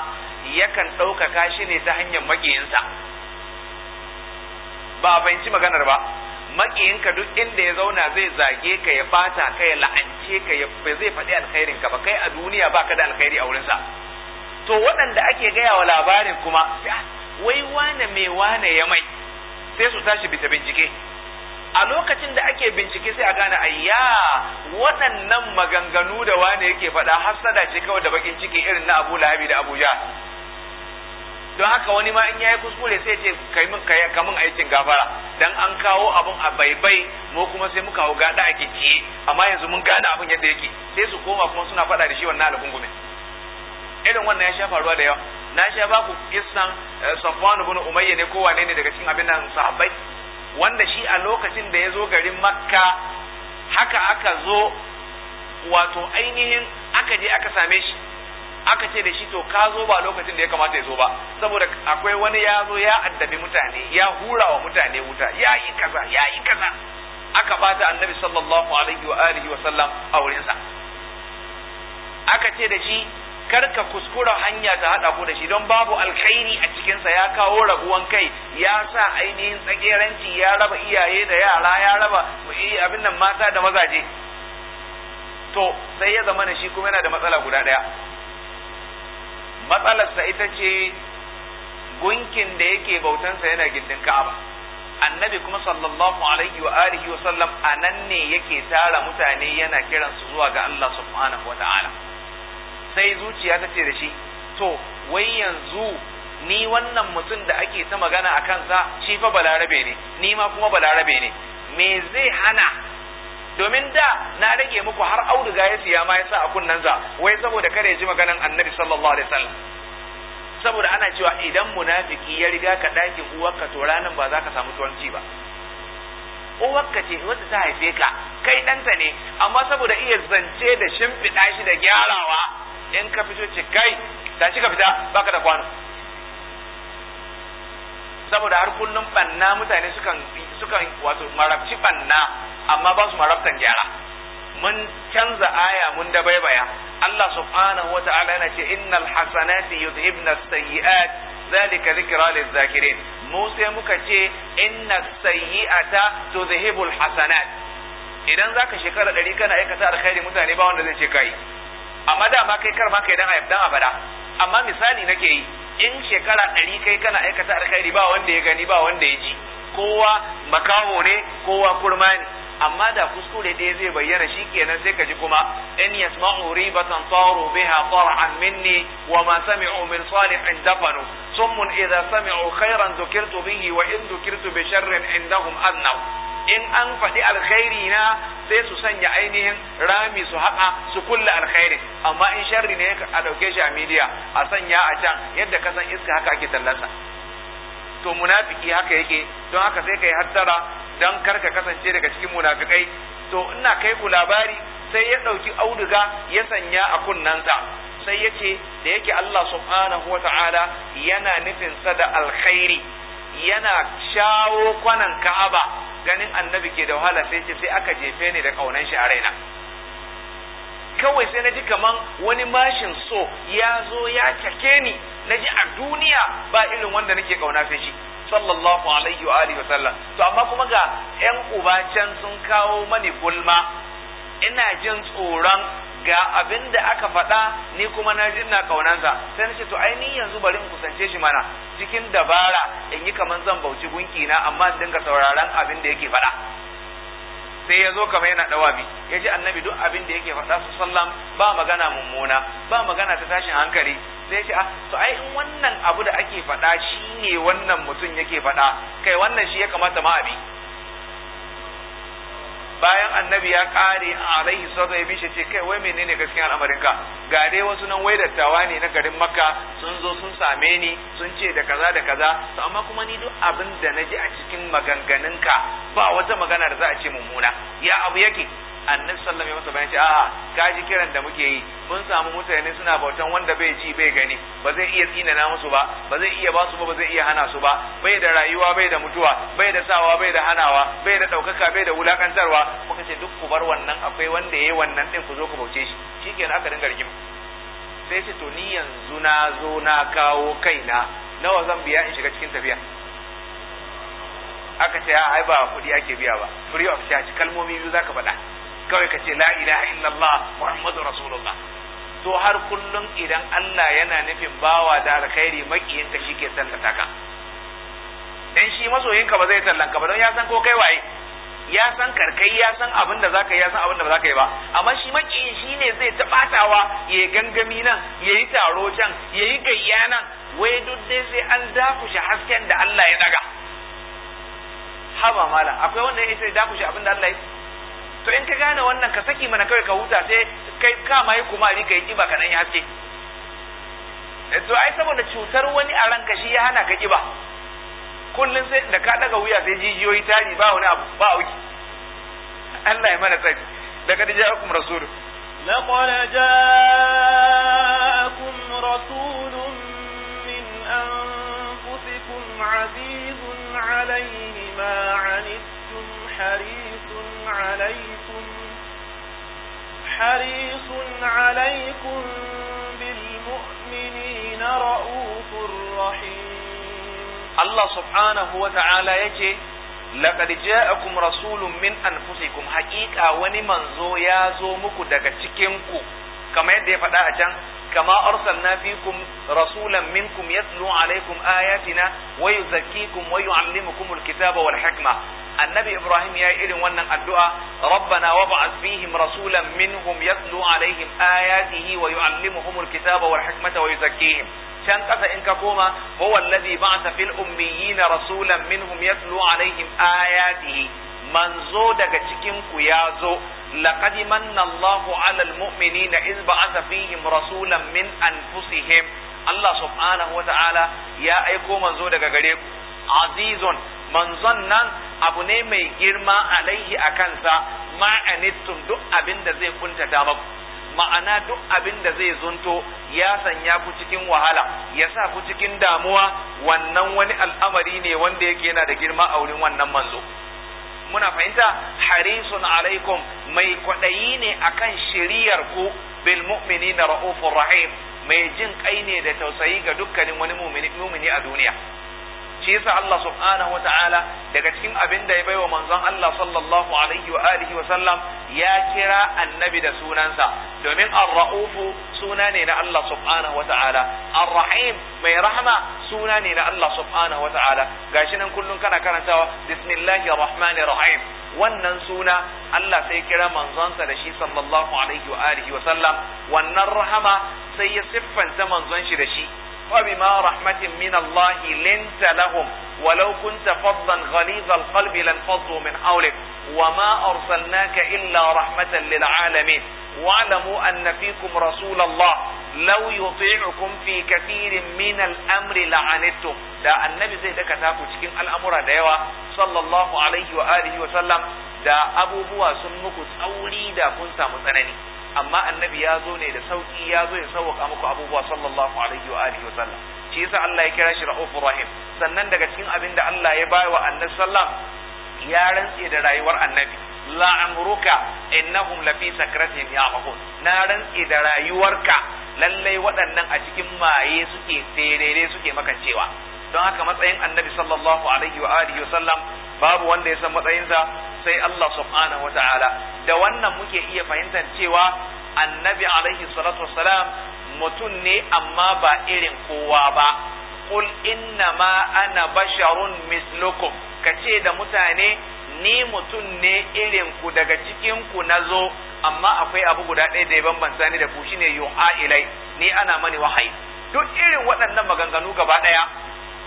yakan ɗaukaka shi ne ta hanyar makiyinsa ba a fahimci maganar ba makiyinka duk inda ya zauna zai zage ka ya bata ka ya la'ance ka ya zai faɗi alkhairin ka ba kai a duniya baka da alkhairi a sa. to waɗanda ake gaya wa labarin kuma wai wane mai wane ya mai sai su tashi bita bincike a lokacin da ake bincike sai a gane ayya waɗannan maganganu da wane yake faɗa hasada ce kawai da bakin ciki irin na Abu Lahabi da Abuja don haka wani ma in yayi kuskure sai ce kai min kai kamun aikin gafara dan an kawo abun a baibai mu kuma sai muka hau gada a keke. amma yanzu mun gane abun yadda yake sai su koma kuma suna faɗa da shi wannan alhungumin irin wannan ya sha faruwa da yawa na sha ba ku kissan eh, Safwan ibn Umayya ne ko wane ne daga cikin abin nan sahabbai wanda shi a lokacin da ya zo garin Makka haka aka zo wato ainihin aka je aka same shi aka ce da shi to ka zo ba lokacin da ya kamata ya zo ba saboda akwai wani ya zo ya addabi mutane ya hura wa mutane wuta ya yi kaza ya yi kaza aka bata annabi sallallahu alaihi wa alihi wa sallam a wurinsa aka ce da shi karka kuskura hanya ta hada ku da shi don babu alkhairi a cikin sa ya kawo rabuwan kai ya sa ainihin tsageranci ya raba iyaye da yara ya raba abin nan mata da mazaje to sai ya zama shi kuma yana da matsala guda daya matsalarsa ita ce gunkin da yake bautansa yana gindin Ka'aba annabi kuma sallallahu alaihi wa alihi wa sallam anan ne yake tara mutane yana kiran su zuwa ga Allah subhanahu wata'ala sai zuciya ta ce da shi to wai yanzu ni wannan mutum da ake ta magana a kansa shi fa balarabe ne ni ma kuma balarabe ne me zai hana domin da na rage muku har auduga ya siya ma ya sa a za, wai saboda kada ya ji maganan annabi sallallahu alaihi wasallam saboda ana cewa idan munafiki ya riga ka ɗakin uwarka to ranan ba za ka samu tuwanci ba uwarka ce wata ta haife ka kai ɗanta ne amma saboda iya zance da shimfiɗa shi da gyarawa in ka fito ce kai tashi ka fita baka da kwano saboda har kullum banna mutane sukan sukan wato marabci banna amma ba su marabtan gyara mun canza aya mun da baya Allah subhanahu wa ta'ala yana ce innal hasanati yudhibna as-sayyi'at zalika dhikra lil-zakirin mu sai muka ce inna sayi'ata, sayyiata tudhhibu hasanat idan zaka shekara ɗari kana aikata alkhairi mutane ba wanda zai ce kai amma da ma kai kar ma kai dan abada amma misali nake yi in shekara ɗari kai kana aikata alkhairi ba wanda ya gani ba wanda ya ji kowa makaho ne kowa kurma ne amma da kuskure ɗaya zai bayyana shi kenan sai ka ji kuma in yasma'u ribatan taru biha tar'an minni wa ma sami'u min salihin dafanu summun idza sami'u khairan dhukirtu bihi wa in dhukirtu bi sharrin indahum annahu in an faɗi alkhairi na sai su sanya ainihin rami su haƙa su kulle alkhairin amma in sharri ne a ɗauke shi a midiya a sanya a can yadda ka san iska haka ake tallasa to munafiki haka yake don haka sai kai hattara don kar ka kasance daga cikin munafikai to ina kai ku labari sai ya ɗauki auduga ya sanya a kunnensa sai yace da yake Allah subhanahu wataala yana nufinsa da alkhairi yana shawo kwanan ka'aba ganin annabi ke da wahala sai ce sai aka jefe ni da kaunan shi a raina kawai sai na ji kaman wani mashin so ya zo ya cake ni na ji a duniya ba irin wanda nake kauna sai shi sallallahu alaihi wa alihi wasallam to amma kuma ga yan uba can sun kawo mani gulma ina jin tsoron ga abin da aka faɗa ni kuma na ji na kaunansa sai nace to ai ni yanzu bari in kusance shi mana cikin dabara in yi kaman zan bauci gunki na amma in dinga sauraron abin da yake faɗa sai ya zo kamar yana dawabi ya ji annabi duk abin da yake faɗa su sallam ba magana mummuna ba magana ta tashin hankali sai ce ah to ai in wannan abu da ake faɗa shine wannan mutum yake faɗa kai wannan shi ya kamata ma abi bayan annabi ya kare alaihi sallallahu alaihi wasallam ce kai wai menene gaskiya al'amarin ka ga dai wasu nan wai dattawa ne na garin makka sun zo sun same ni sun ce da kaza da kaza to amma kuma ni duk abin da naji a cikin maganganun ka ba wata magana da za a ce mummuna ya abu yake annabi sallallahu alaihi wasallam ya ce a'a gaji kiran da muke yi mun samu mutane suna bautan wanda bai ji bai gani ba zai iya tsina na musu ba ba zai iya basu ba ba zai iya hana su ba bai da rayuwa bai da mutuwa bai da sawa bai da hanawa bai da daukaka bai da wulakantarwa muka ce duk ku bar wannan akwai wanda yayi wannan din ku zo ku bauce shi shikenan aka dinga rigima sai ce to ni yanzu na zo na kawo kaina nawa zan biya in shiga cikin tafiya aka ce ai ba kuɗi ake biya ba free of charge kalmomi biyu zaka faɗa kawai ka ce la ilaha illallah muhammadu rasulullah to har kullum idan Allah yana nufin bawa da alkhairi makiyin shi ke sallata ka dan shi masoyinka ba zai sallanka ba don ya san ko kai waye ya san karkai ya san abin da zaka yi ya san abin da ba zaka yi ba amma shi makiyin shi ne zai tabatawa ya gangami nan ya yi taro can ya yi gayya nan wai duk dai sai an dakushe hasken da Allah ya daga haba mala akwai wanda ya ce dakushe abin da Allah ya to in ka gane wannan ka saki mana kawai ka huta sai kai ka mai kuma ri kai kiba kaɗan, ya ce eh, to ai saboda cutar wani a ranka shi ya hana ka kiba kullun sai da ka daga wuya sai jijiyoyi tari ba wani abu ba auki Allah ya mana tsari laqad ja'akum rasulun laqad ja'akum rasulun min anfusikum azizun alayhi ma anittum عليكم حريص عليكم بالمؤمنين رؤوف رحيم الله سبحانه وتعالى يجي لقد جاءكم رسول من أنفسكم حقيقة ونمن زو يازو مكو تكينكو كما يدي فتاة جان كما أرسلنا فيكم رسولا منكم يتلو عليكم آياتنا ويزكيكم ويعلمكم الكتاب والحكمة annabi ibrahim ya yi irin wannan addu'a rabbana wab'ath fihim rasulan minhum yatlu alaihim ayatihi wa yu'allimuhum alkitaba wal hikmata wa yuzakkihim can kasa in ka koma huwa alladhi ba'atha fil ummiyina rasulan minhum yatlu alaihim ayatihi manzo daga cikin ku ya zo laqad manna Allahu 'alal mu'minina iz ba'atha fihim rasulan min anfusihim Allah subhanahu wa ta'ala ya aiko manzo daga gare ku azizun manzon nan abu ne mai girma alaihi a kansa ma'anittum duk abin da zai kuntata maku ma'ana duk abin da zai zunto ya sanya ku cikin wahala ya sa ku cikin damuwa wannan wani al'amari ne wanda yake yana da girma a wurin wannan manzo muna fahimta harisun alaikum mai kwaɗayi ne akan shiriyar ku bil na ra'ufur rahim mai jin kai ne da tausayi ga dukkanin wani mumini a duniya shi yasa Allah subhanahu wa ta'ala daga cikin abin da ya baiwa manzon Allah sallallahu alaihi wa alihi wa sallam ya kira annabi da sunansa domin ar-ra'ufu suna ne na Allah subhanahu wa ta'ala ar-rahim mai rahma suna ne na Allah subhanahu wa ta'ala gashi nan kullun kana karantawa bismillahir rahmanir rahim wannan suna Allah sai kira manzonsa da shi sallallahu alaihi wa alihi wa sallam wannan rahama sai ya siffanta manzon shi da shi فبما رحمة من الله لنت لهم ولو كنت فظا غليظ القلب لانفضوا من حولك وما أرسلناك إلا رحمة للعالمين واعلموا أن فيكم رسول الله لو يطيعكم في كثير من الأمر لعنتم دا النبي زي دكا تاكو cikin al'amura da yawa sallallahu alaihi wa alihi wa sallam da abubuwa sun muku tsauri da kun samu tsanani amma annabi ya zo ne da sauki ya zo ya sauwaka muku abubuwa sallallahu alaihi wa alihi wa sallam shi yasa Allah ya kira shi Ra'ufur Rahim sannan daga cikin abin da Allah ya bai wa annabi sallam ya rantse da rayuwar annabi la amruka innahum la fi sakratihim ya'mahun na rantse da rayuwarka lallai waɗannan a cikin maye suke terere suke maka cewa. don haka matsayin annabi sallallahu alaihi wa alihi wa sallam babu wanda ya san matsayinsa sai Allah subhanahu wa ta'ala da wannan muke iya fahimtar cewa annabi alaihi salatu wassalam mutum ne amma ba irin kowa ba qul inna ma ana basharun mislukum kace da mutane ni mutum ne irin ku daga cikin ku nazo amma akwai abu guda ɗaya da ya bambanta ni da ku shine yuha ilai ni ana mani wahai. duk irin waɗannan maganganu gaba ɗaya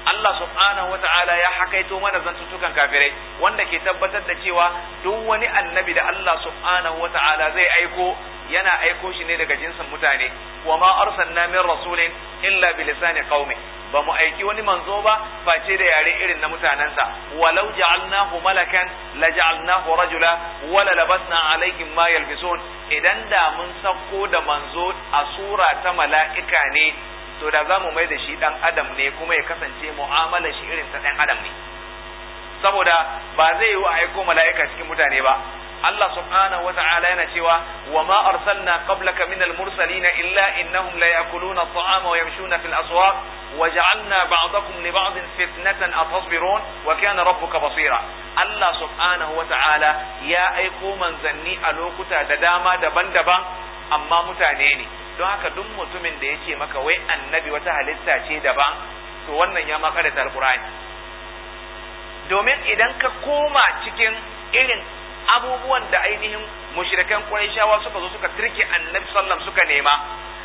Allah subhanahu wata'ala ya hakaito mana zantuttukan kafirai wanda ke tabbatar da cewa duk wani annabi da Allah subhanahu wata'ala zai aiko yana aiko shi ne daga jinsin mutane wa ma arsalna min rasulin illa bi lisani qaumi ba mu aiki wani manzo ba face da yare irin na mutanansa walau ja'alnahu malakan la ja'alnahu rajula wala labasna alaihim ma yalbisun idan da mun sako da manzo a sura ta mala'ika ne to da za mu mai da shi dan adam ne kuma ya kasance mu'amalar shi irin ta dan adam ne saboda ba zai yi aiko mala'ika cikin mutane ba Allah subhanahu wa ta'ala yana cewa wa ma arsalna qablaka min al-mursalin illa innahum la yakuluna at-ta'ama wa yamshuna fil aswaq wa ja'alna ba'dakum li ba'din fitnatan atasbirun wa kana rabbuka basira Allah subhanahu wa ta'ala ya aiko manzanni a lokuta da dama daban-daban amma mutane ne don haka duk mutumin da yake maka wai annabi wata halitta ce daban to wannan ya makare ta alqur'ani domin idan ka koma cikin irin abubuwan da ainihin mushrikan quraishawa suka zo suka turke annabi sallallahu suka nema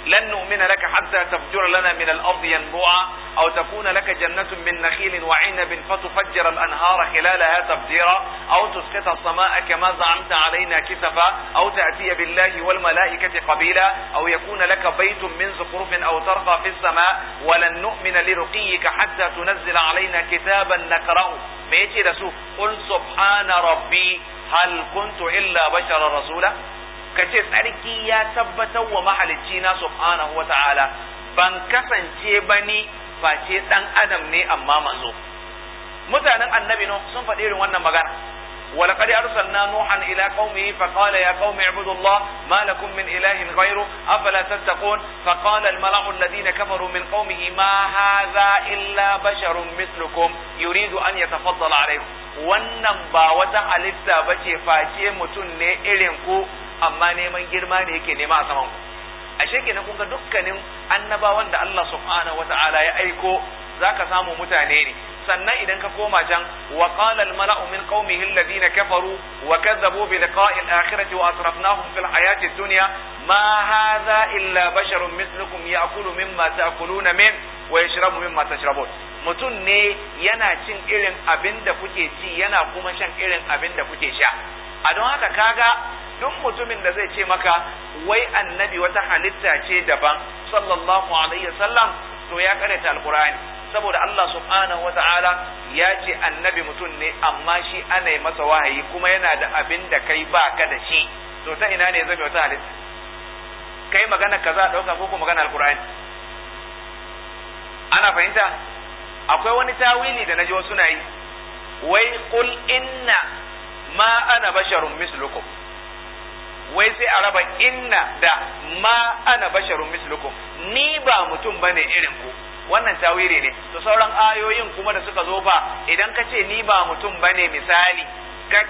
لن نؤمن لك حتى تفجر لنا من الأرض ينبوعا أو تكون لك جنة من نخيل وعنب فتفجر الأنهار خلالها تفجيرا أو تسقط السماء كما زعمت علينا كسفا أو تأتي بالله والملائكة قبيلا أو يكون لك بيت من زخرف أو ترقى في السماء ولن نؤمن لرقيك حتى تنزل علينا كتابا نقرأه ما يجي رسول قل سبحان ربي هل كنت إلا بشرا رسولا Ka ce tsarki ya tabbatar wa mahalicci na subhanahu wata'ala ban kasance ni face dan adam ne amma manzo mutanen annabi no sun faɗi irin wannan magana ولقد أرسلنا نوحا إلى قومه فقال يا قوم اعبدوا الله ما لكم من إله غيره أفلا تتقون فقال الملأ الذين كفروا من قومه ما هذا إلا بشر مثلكم يريد أن يتفضل عليكم wannan ba wata halitta ba ce face mutum ne irin ku amma neman girma ne yake nema a saman ku ashe kenan kun ga dukkanin annabawan da Allah subhanahu wata'ala ya aiko zaka samu mutane ne sannan idan ka koma can wa qala al mala'u min qaumihi alladhina kafaru wa kadzabu bi liqa'i al akhirati wa atrafnahum fil hayati dunya ma hadha illa basharun mithlukum ya'kulu mimma ta'kuluna min wa yashrabu mimma tashrabun mutum ne yana cin irin abin da kuke ci yana kuma shan irin abin da kuke sha a don haka kaga duk mutumin da zai ce maka wai annabi wata halitta ce daban sallallahu alaihi wasallam to ya karanta alqur'ani saboda Allah subhanahu wataala ya ce annabi mutum ne amma shi ana yi masa wahayi kuma yana da abin da kai ba ka da shi to ta ina ne zai wata halitta kai magana kaza dauka ko magana alqur'ani ana fahimta akwai wani tawili da naji wasu na yi wai qul inna ma ana basharun mislukum wai sai a raba inna da ma ana basharun mislukum ni ba mutum bane irin ku wannan tawiri ne to sauran ayoyin kuma da suka zo fa idan ka ce ni ba mutum bane misali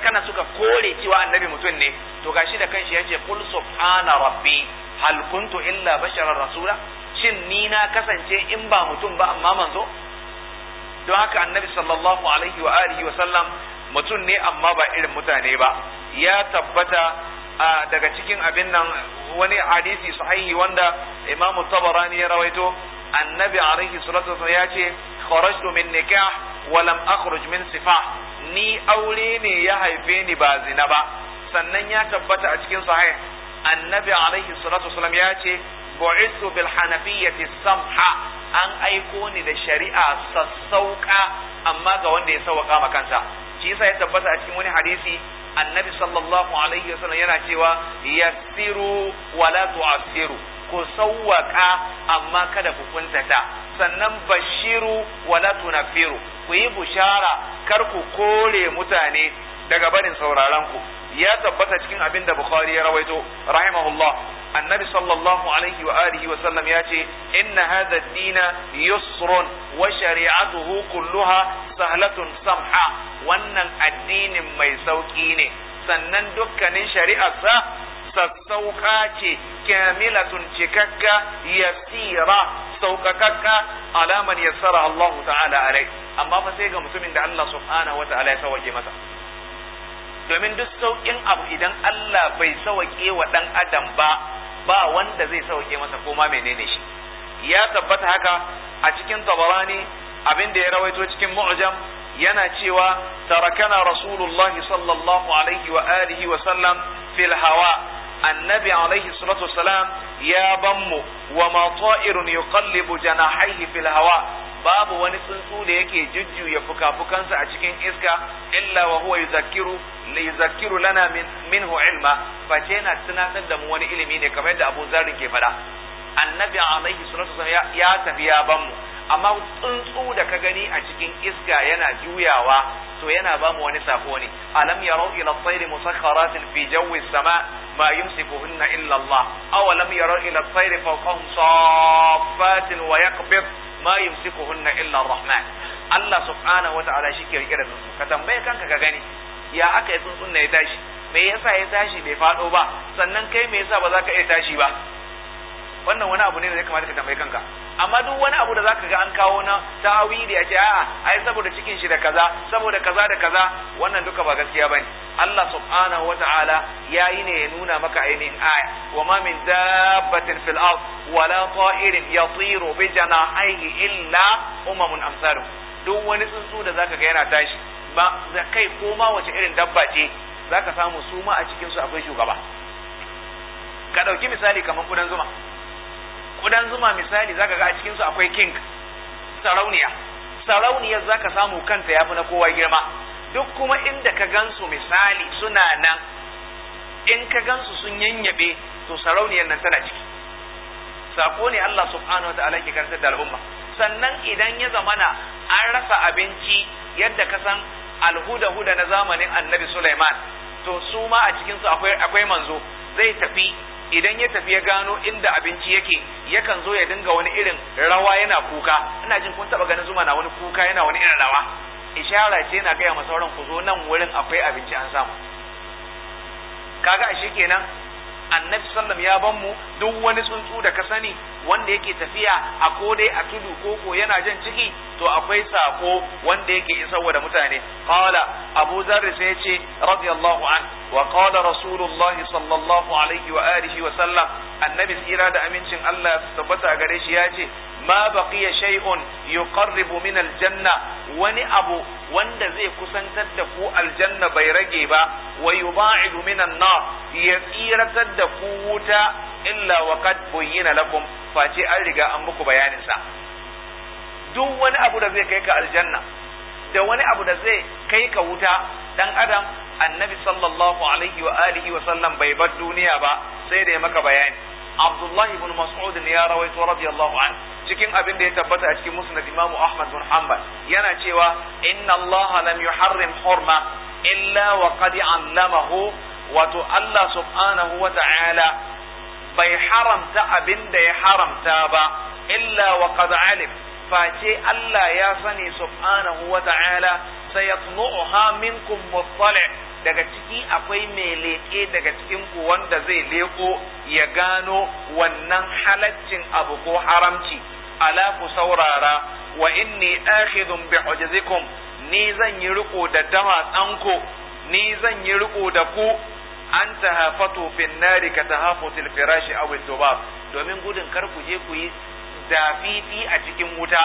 kana suka kore cewa annabi mutum ne to gashi da kanshi yace qul subhana rabbi hal kuntu illa basharar rasula shin ni na kasance in ba mutum ba amma manzo don haka annabi sallallahu alaihi wa alihi wa sallam mutum ne amma ba irin mutane ba ya tabbata daga cikin abin nan wani hadisi sahihi wanda imamu tabarani ya rawaito annabi alaihi salatu wasallam ya ce kharajtu min nikah wa lam akhruj min sifah ni aure ne ya haife ni ba zina ba sannan ya tabbata a cikin sahih annabi alaihi salatu wasallam ya ce bu'istu bil hanafiyyati samha an aiko ni da shari'a sassauka amma ga wanda ya sauka ma kansa shi yasa ya tabbata a cikin wani hadisi annabi sallallahu alaihi wasallam yana cewa yassiru wala tu'assiru ku sawwaka amma kada ku kuntata sannan bashiru wala tunafiru ku yi bushara kar ku kore mutane daga barin sauraron ku ya tabbata cikin abin da bukhari ya rawaito rahimahullah annabi sallallahu alaihi wa alihi wa sallam ya ce inna hadha ad-dina yusrun wa shari'atuhu kulluha sahlatun samha wannan addinin mai sauki ne sannan dukkanin shari'arsa sassauka ce kamilatun cikakka yasira saukakakka alaman yassara Allah ta'ala alai amma fa sai ga mutumin da Allah subhanahu wa ta'ala ya sauke masa domin duk saukin abu idan Allah bai sauke wa dan adam ba ba wanda zai sauke masa koma menene shi ya tabbata haka a cikin tabarani abin da ya rawaito cikin mu'jam yana cewa tarakana rasulullahi sallallahu alaihi wa alihi wa sallam fil hawa annabi alaihi salatu wasalam ya banmu wa ma ta'irun yuqallibu janahihi fil hawa babu wani tsuntsu da yake jujjuya fukafukansa a cikin iska illa wa huwa yuzakkiru yuzakkiru lana minhu ilma face yana tunatar da mu wani ilimi ne kamar yadda Abu Zarri ke faɗa annabi alaihi salatu wasallam ya tafi ya ban mu amma tsuntsu da ka gani a cikin iska yana juyawa to yana ba mu wani sako ne alam yarau ila tsairi musakharatin fi jawi sama ma yumsikuhunna illa Allah aw alam yarau ila tsairi fawqahum saffatin wa yaqbid ma yumsikuhunna illa rahman Allah subhanahu wata'ala shi ke rike da su ka tambaye kanka ka gani ya aka yi tsuntsun na ya tashi me yasa ya tashi bai fado ba sannan kai me yasa ba za ka iya tashi ba wannan wani abu ne da ya kamata ka tambayi kanka amma duk wani abu da za ka ga an kawo na tawili a ce a'a ai saboda cikin shi da kaza saboda kaza da kaza wannan duka ba gaskiya bane Allah subhanahu wata'ala yayi ne ya nuna maka ainihin aya wa ma min dabbatin fil ard wa la ta'irin yatiru bi janahihi illa umamun amsaru duk wani tsuntsu da zaka ga yana tashi ba da kai ko ma wace irin dabba ce zaka samu su ma a cikin su akwai shugaba ka dauki misali kamar kudan zuma kudan zuma misali zaka ga a cikin su akwai king sarauniya sarauniyar zaka samu kanta yafi na kowa girma duk kuma inda ka gansu misali suna nan in ka gansu sun yanyabe to sarauniyar nan tana ciki sako ne Allah subhanahu wa ta'ala ke karantar da al'umma sannan idan ya zamana an rasa abinci yadda ka san alhuda huda na zamanin annabi Sulaiman to su ma a cikin su akwai manzo zai tafi idan ya tafi ya gano inda abinci yake yakan zo ya dinga wani irin rawa yana kuka ina jin kun taba ganin zuma na wani kuka yana wani irin rawa ishara ce yana gaya ma sauran ku zo nan wurin akwai abinci an samu kaga ashe kenan annabi sallam ya ban mu duk wani tsuntsu da ka sani wanda yake tafiya a ko dai a tudu ko yana jan ciki to akwai sako wanda yake isarwa da mutane qala abu zarri sai yace radiyallahu an wa qala rasulullahi sallallahu alaihi wa alihi wa sallam annabi tsira da amincin Allah tabbata gare shi ce. ma baqiya shay'un yuqarribu min aljanna wani abu wanda zai kusantar da ku aljanna bai rage ba wa yuba'idu min an-nar ya tsiratar da ku wuta illa wa qad buyyina lakum face an riga an muku bayanin sa duk wani abu da zai kai ka aljanna da wani abu da zai kai ka wuta dan adam annabi sallallahu alaihi wa alihi wa sallam bai bar duniya ba sai da ya maka bayani Abdullah ibn Mas'ud ne ya rawaito radiyallahu an cikin abin da ya tabbata a cikin musnad Imam Ahmad bin Hanbal yana cewa inna Allah lam yuharrim hurma illa wa qad allamahu wato Allah subhanahu wa ta'ala bai haramta abin da ya haramta ba illa wa qad alim face Allah ya sani subhanahu wa ta'ala sayatnuha minkum daga ciki akwai mai leƙe daga cikin ku wanda zai leƙo ya gano wannan halaccin abu ko haramci ala ku saurara wa inni akhidhum bi ujzikum ni zan yi riko da dawa tsanko ni zan yi riko da ku an tahafatu fin nari ka tahafutil firashi aw dubab domin gudun kar ku je ku yi dafifi a cikin wuta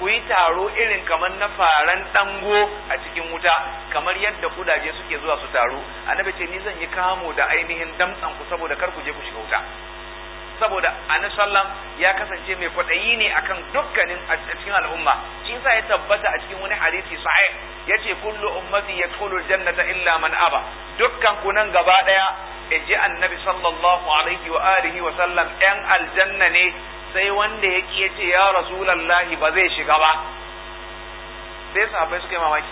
ku yi taro irin kamar na faran dango a cikin wuta kamar yadda kudaje suke zuwa su taro annabi ce ni zan yi kamo da ainihin damtsan ku saboda kar ku je ku shiga wuta saboda annabi sallam ya kasance mai kwaɗayi ne akan dukkanin a cikin al'umma shi yasa ya tabbata a cikin wani hadisi sahih yace kullu ummati yadkhulu jannata illa man aba dukkan ku nan gaba daya inji annabi sallallahu alaihi wa alihi wa sallam yan aljanna ne sai wanda ya ya yace ya rasulullahi ba zai shiga ba sai sahabbai suka yi mamaki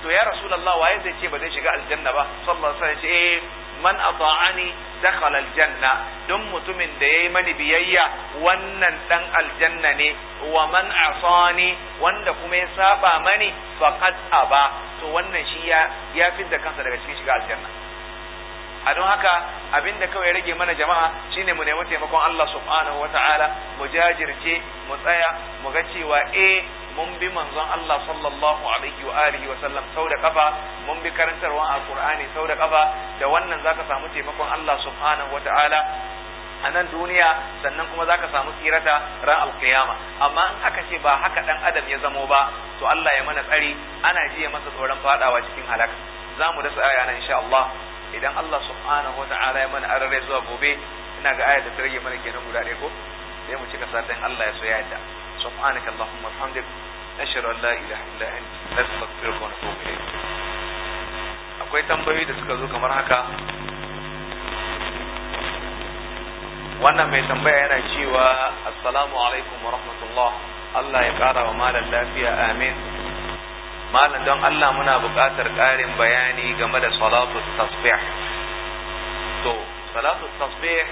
to ya rasulullah waye zai ce ba zai shiga aljanna ba sallallahu alaihi wasallam ce eh man ata'ani dakhala aljanna don mutumin da yayi mani biyayya wannan dan aljanna ne wa man asani wanda kuma ya saba mani faqad aba to wannan shi ya ya fitta kansa daga cikin shiga aljanna a don haka abinda kawai rage mana jama'a shine mu nemi taimakon Allah subhanahu wataala mu jajirce mu tsaya mu ga cewa eh mun bi manzon Allah sallallahu alaihi wa alihi wa sallam sau da kafa mun bi karantarwa alqur'ani sau da kafa da wannan zaka samu taimakon Allah subhanahu wataala a nan duniya sannan kuma zaka samu tsirata ran alkiyama amma in aka ce ba haka dan adam ya zamo ba to Allah ya mana tsari ana jiya masa tsoron fadawa cikin halaka za mu dasa aya nan insha Allah idan Allah subhanahu wata'ala ya mana arare zuwa gobe ina ga ayar da ta rage mana kenan guda ɗaya ko sai mu cika satin Allah ya so ya yadda subhanaka allahumma hamdik nashhadu la ilaha illa anta nastaghfiruka wa natubu ilayk akwai tambayoyi da suka zo kamar haka wannan mai tambaya yana cewa assalamu alaikum wa rahmatullah Allah ya kara wa malam lafiya amin malam don Allah muna buƙatar ƙarin bayani game da salatu tasbih to salatu tasbih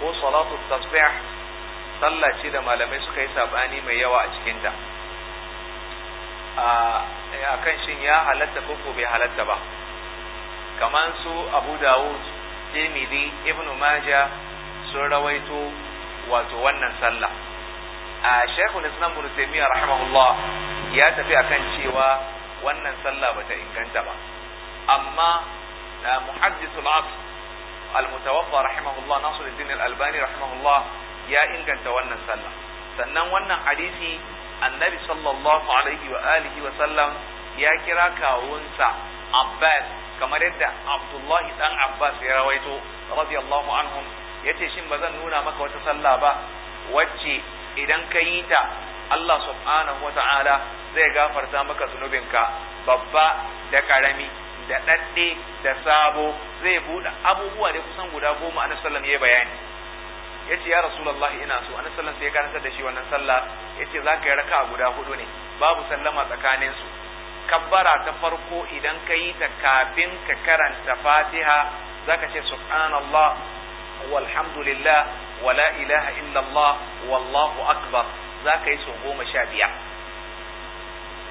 ko salatu tasbih sallah ce da malamai suka yi sabani mai yawa a cikinta eh, a kan shin ya halatta ko ko bai halatta ba kamar su abu dawud tirmidhi ibnu maja sun rawaito wato wannan sallah a shekul islam bin taimiyya rahimahullah ya tafi akan cewa wannan sallah bata inganta ba amma eh, muhaddisul asr al-mutawaffa rahimahullah Nasiruddin al-Albani rahimahullah ya inganta wannan sallah sannan wannan hadisi annabi sallallahu alaihi wa alihi wa sallam ya kira kawunsa Abbas kamar yadda Abdullahi dan Abbas ya rawaito radiyallahu anhum yace shin ba zan nuna maka wata sallah ba wacce idan ka yi ta Allah subhanahu ta'ala zai gafarta maka zunubinka babba da karami da ɗaɗɗe da sabo zai buɗe abubuwa da kusan guda goma annabi sallam ya bayani yace ya rasulullah ina so annabi sallam sai ya karantar da shi wannan sallah za zaka yi a guda hudu ne babu sallama tsakanin su kabbara ta farko idan ka yi ta kafin ka karanta fatiha zaka ce subhanallah walhamdulillah wala ilaha illallah wallahu akbar za ka yi sau goma sha biyar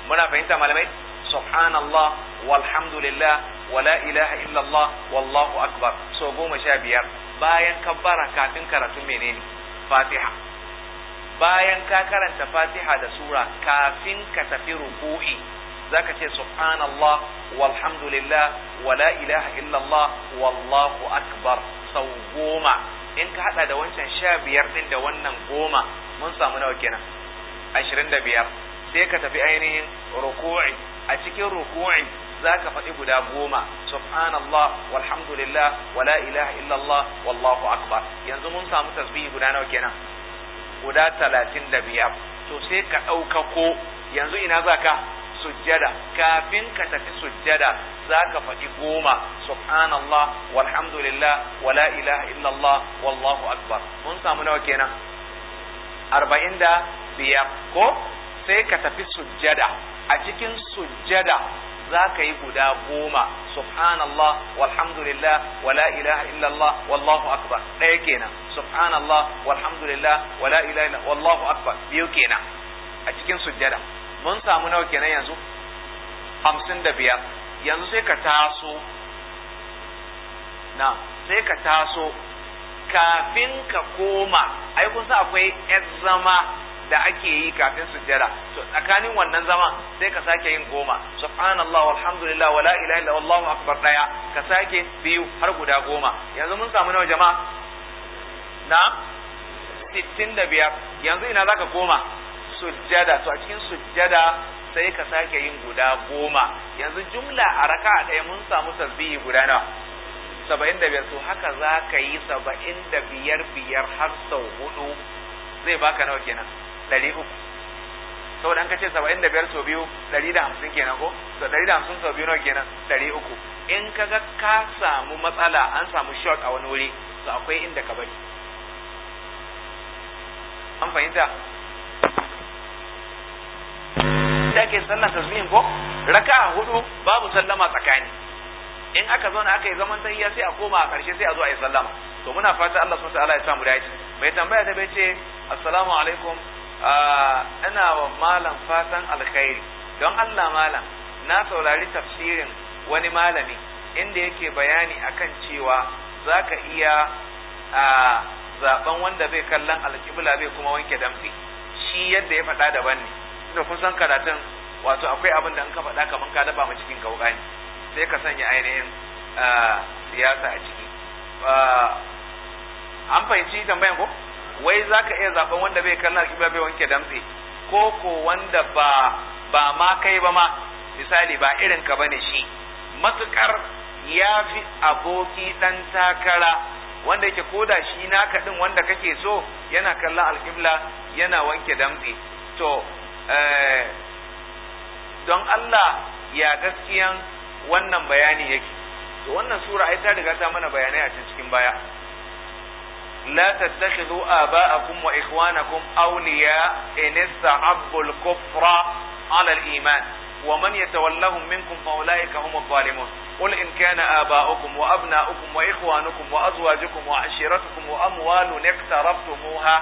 muna fahimta malamai subhanallah walhamdulillah wala ilaha illallah wallahu akbar sau goma sha biyar bayan ka kabbara kafin karatun menene fatiha bayan ka karanta fatiha da sura kafin ka tafi ruku'i zaka ce subhanallah walhamdulillah wala ilaha illallah wallahu akbar sau goma in ka hada da wancan sha biyar din da wannan goma mun samu nawa kenan ashirin da biyar sai ka tafi ainihin ruku'i a cikin ruku'i za ka faɗi guda goma subhanallah walhamdulillah wala ilaha illallah wallahu akbar yanzu mun samu tasbihi guda nawa kenan guda talatin da biyar to sai ka ɗauka ko yanzu ina za ka sujjada kafin ka tafi sujjada za ka faɗi goma subhanallah walhamdulillah wala ilaha illallah wallahu akbar mun samu nawa kenan arba'in da biyar ko sai ka tafi sujjada a cikin sujjada za ka yi guda goma subhanallah walhamdulillah wala ilaha illallah wallahu akbar ɗaya kenan subhanallah walhamdulillah wala ilaha illallah wallahu akbar biyu kenan a cikin sujjada mun samu nawa kenan yanzu hamsin da biyar yanzu sai ka taso na sai ka taso kafin ka koma ai kun san akwai yar zama da ake yi kafin sujjada to tsakanin wannan zaman sai ka sake yin goma subhanallah walhamdulillah wala ilaha illa allahu akbar daya ka sake biyu har guda goma yanzu mun samu nawa jama'a na 65 yanzu ina zaka koma sujjada to a cikin sujjada sai ka sake yin guda goma yanzu jumla a raka ɗaya mun samu tasbihi guda nawa saba'in da biyar to haka za ka yi saba'in da biyar biyar har sau hudu zai baka nawa kenan ɗari uku saboda an kace saba'in da biyar sau biyu ɗari da hamsin kenan ko to ɗari da hamsin sau biyu nawa kenan ɗari uku in ka ga ka samu matsala an samu shot a wani wuri to akwai inda ka bari an fahimta da ke sallar tasbihin ko raka'a hudu babu sallama tsakani in aka zauna aka yi zaman tahiyya sai a koma a ƙarshe sai a zo a yi sallama to muna fata Allah subhanahu wataala ya samu dace mai tambaya ta bai ce assalamu alaikum ina wa malam fatan alkhairi don Allah malam na saurari tafsirin wani malami inda yake bayani akan cewa zaka iya zaben wanda bai kallon alƙibla bai kuma wanke damfi shi yadda ya faɗa daban ne da kun san karatun wato akwai abin da an ka faɗa kamar ka dafa mu cikin kauƙani sai ka sanya ainihin ah, siyasa a ciki ah, an fahimci tambayan ko wai za ka iya zaben wanda bai kallon alƙibla bai wanke damtse ko ko wanda ba ba ma kai ba ma misali ba irin ka bane shi matuƙar ya fi aboki ɗan takara wanda yake koda shi naka din wanda kake so yana kallon alƙibla yana wanke damtse to eh, don Allah ya gaskiyan wannan bayani yake to wannan sura ai ta riga ta mana bayanai a cikin baya لا تتخذوا آباءكم وإخوانكم أولياء إن استعبوا الكفر على الإيمان ومن يتولهم منكم فأولئك هم الظالمون قل إن كان آباؤكم وأبناؤكم وإخوانكم وأزواجكم وعشيرتكم وأموال اقترفتموها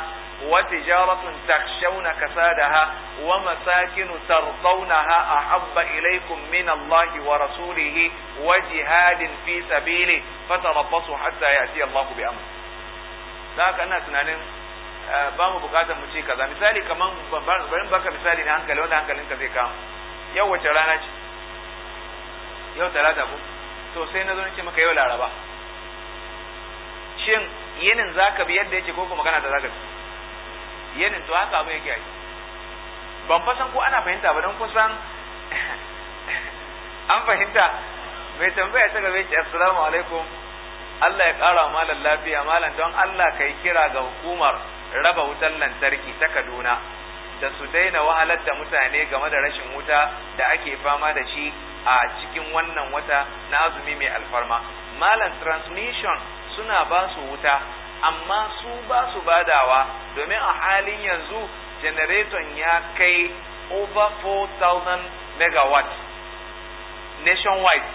وتجارة تخشون كسادها ومساكن ترضونها أحب إليكم من الله ورسوله وجهاد في سبيله فتربصوا حتى يأتي الله بأمره ذاك أنا tunanin eh, ba mu bukatar mu ci kaza misali kaman bari baka misali na hankali wanda hankalin ka zai kama yau wace rana ce yau talata ko to sai na zo ce maka yau laraba shin yinin zaka bi yadda yake ko kuma magana ta zaka yanin to haka abu yake yi ban fasan ko ana fahimta ba don kusan an fahimta mai tambaya ta gabe ce assalamu alaikum Allah ya kara malam lafiya malam don Allah kai kira ga hukumar raba wutar lantarki ta Kaduna da su daina wahalar da mutane game da rashin wuta da ake fama da shi a cikin wannan wata na azumi mai alfarma malam transmission suna ba su wuta amma su ba su badawa domin a halin yanzu janareton ya kai over 4,000 megawatt nationwide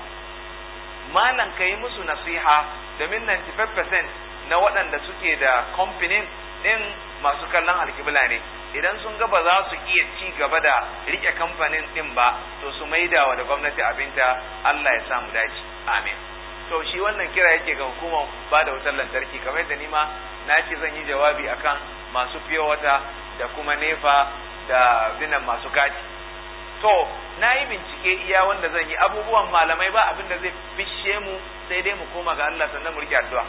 malam ka yi musu nasiha domin 95% na waɗanda suke da kamfanin ɗin masu kallon alkibla ne idan sun ga ba za su iya ci gaba da riƙe kamfanin ɗin ba to su maida wa da gwamnati abinta Allah ya samu dace amin to shi wannan kira yake ga hukumar ba da wutar lantarki kamar yadda nima na ce zan yi jawabi akan masu fiye wata da kuma nefa da binan masu kati to na yi bincike iya wanda zan yi abubuwan malamai ba abin da zai fishe mu sai dai mu koma ga Allah sannan mu rike addu'a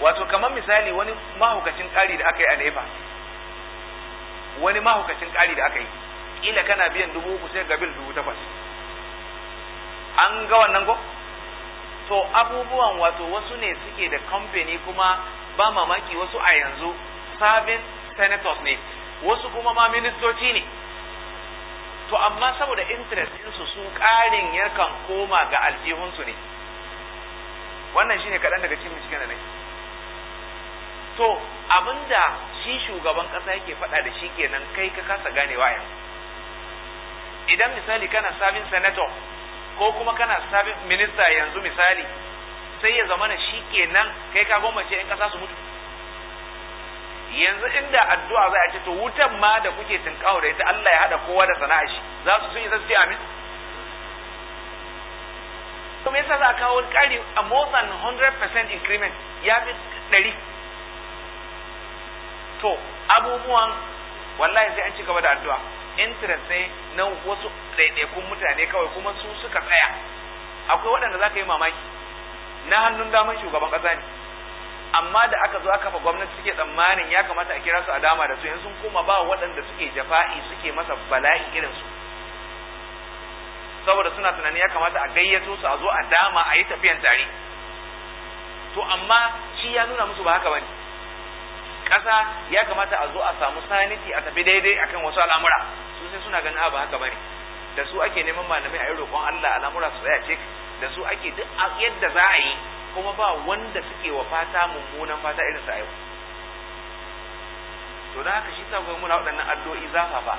wato kamar misali wani mahukacin ƙari da aka yi a nefa wani mahukacin ƙari da aka yi kila kana biyan dubu uku sai ga bil dubu takwas an ga wannan ko to abubuwan wato wasu ne suke da kamfani kuma ba mamaki wasu a yanzu sabin senators ne wasu kuma ma ministoci ne to amma saboda interest ɗinsu su ƙarin yakan koma ga aljihunsu ne wannan shine kaɗan daga cikin binciken da to abinda shi shugaban ƙasa yake faɗa da shi kenan kai ka kasa ganewa yanzu idan misali kana sabin senator ko kuma kana service minista yanzu misali sai ya zama na shi kenan kai ka goma ce in kasa su mutu yanzu inda addu'a za a ce to wutan ma da kuke tunkawo da ita Allah ya hada kowa da sana'a shi za su sun yi sai amin to me yasa za a kawo kari a more than 100% increment ya fi ɗari to abubuwan wallahi sai an ci gaba da addu'a interest ne na wasu ɗaiɗaiku mutane kawai kuma su suka tsaya akwai waɗanda za ka yi mamaki na hannun daman shugaban ƙasa ne amma da aka zo aka fa gwamnati suke tsammanin ya kamata a kira su a dama da su in sun koma ba waɗanda suke jafa'i suke masa bala'i irin su saboda suna tunanin ya kamata a gayyato su a zo a dama a yi tafiyan tare to amma shi ya nuna musu ba haka bane ƙasa ya kamata a zo a samu saniti a tafi daidai akan wasu al'amura su sai suna ganin ah, ba haka bane da su ake neman malamai a yi roƙon Allah al'amura su tsaya cik da su ake duk yadda za a yi kuma ba wanda suke wa fata mummunan fata irin su yau to da haka shi sa ga muna waɗannan addu'o'i zafa ba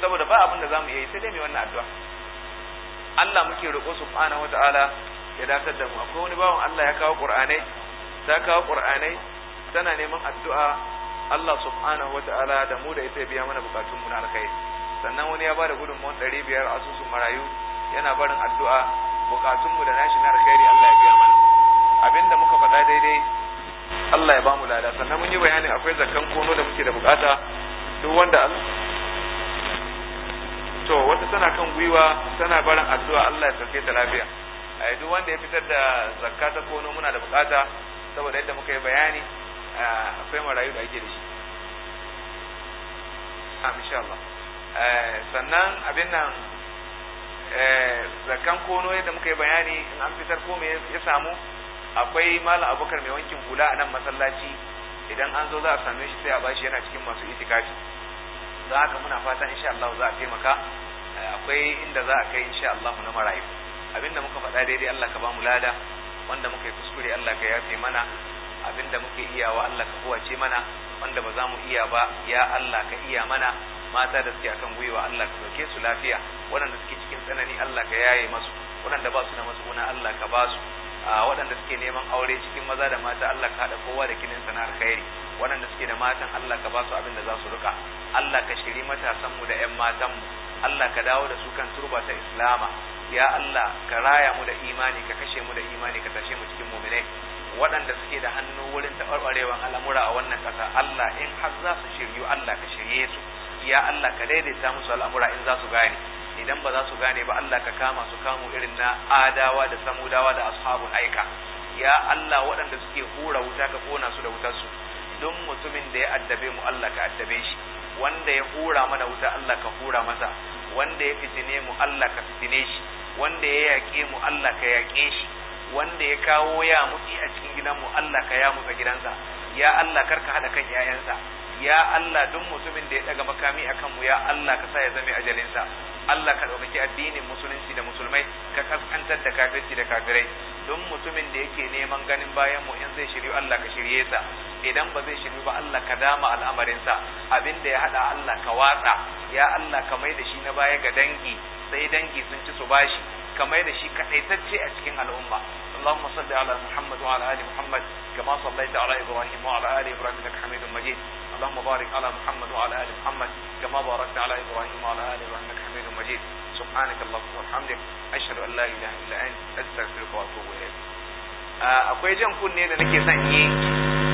saboda ba abin da zamu iya yi sai dai mai wannan addu'a Allah muke roƙo subhanahu wata'ala ya dakatar da mu akwai wani bawan Allah ya kawo qur'anai ta kawo qur'anai tana neman addu'a Allah subhanahu wata'ala da mu da ita biya mana bukatun mu na alkhairi sannan wani ya ba da gudunmawar ɗari biyar asusun marayu yana barin addu'a bukatunmu da nashi na alkhairi Allah ya biya mana abinda muka faɗa daidai Allah ya ba mu lada sannan mun yi bayani akwai zakan kono da muke da bukata duk wanda to wata tana kan gwiwa tana barin addu'a Allah ya sauke ta lafiya a duk wanda ya fitar da zakka ta kono muna da bukata saboda yadda muka yi bayani akwai marayu da ake da shi insha Allah Eh, sannan abin nan eh, zakan kono yadda muka yi bayani in an fitar ko me ya samu akwai malam abubakar mai wankin hula a nan masallaci idan an zo za a same shi sai a bashi yana cikin masu itikafi don haka muna fata insha Allah za a taimaka eh, akwai inda za a kai insha Allah na marayu abinda muka faɗa daidai Allah ka ba mu lada wanda muka yi kuskure Allah ka yafe mana abinda muke iyawa Allah ka kowace mana wanda ba za mu iya ba ya Allah ka iya mana mata da suke akan gwiwa Allah ka dauke su lafiya waɗanda suke cikin tsanani Allah ka yaye masu waɗanda ba su da matsuguna Allah ka ba su waɗanda suke neman aure cikin maza da mata Allah ka haɗa kowa da kinin sana'ar alkhairi waɗanda suke da matan Allah ka ba su abin da za su rika Allah ka shiri matasanmu da 'yan matanmu Allah ka dawo da su kan turba ta Islama ya Allah ka raya mu da imani ka kashe mu da imani ka tashe mu cikin mu'minai waɗanda suke da hannu wurin taɓarɓarewan al'amura a wannan ƙasa Allah in har za su shiryu Allah ka shirye su Ya Allah ka daidaita musu al'amura in za su gane idan ba za su gane ba Allah ka kama su kamo irin na adawa da samudawa da ashabun aika ya Allah waɗanda suke hura wuta ka kona su da su don mutumin da ya addabe mu Allah ka addabe shi wanda ya hura mana wuta Allah ka hura masa wanda ya fitine mu Allah ka fitine shi wanda ya yaƙe mu Allah ka yaƙe shi wanda ya kawo ya mutu a cikin gidan mu Allah ka ya mutu gidansa ya Allah karka hada kan 'ya'yansa ya Allah duk mutumin da ya daga makami akan mu ya Allah ka sa ya zame ajalinsa Allah ka ɗaukaki addinin musulunci da musulmai ka kaskantar da kafirci da kafirai duk mutumin da yake neman ganin bayan mu in zai shiryu Allah ka shirye sa idan ba zai shiryu ba Allah ka dama al'amarinsa abin da ya hada Allah ka watsa ya Allah ka mai da shi na baya ga dangi sai dangi sun ci su bashi kamar da shi kadaitacce a cikin al'umma اللهم صل على محمد وعلى ال محمد كما صليت على ابراهيم وعلى ال ابراهيم انك حميد مجيد اللهم بارك على محمد وعلى ال محمد كما باركت على ابراهيم وعلى ال ابراهيم انك حميد مجيد سبحانك اللهم وبحمدك اشهد ان لا اله الا انت استغفرك واتوب اليك akwai jan kunne da nake son yi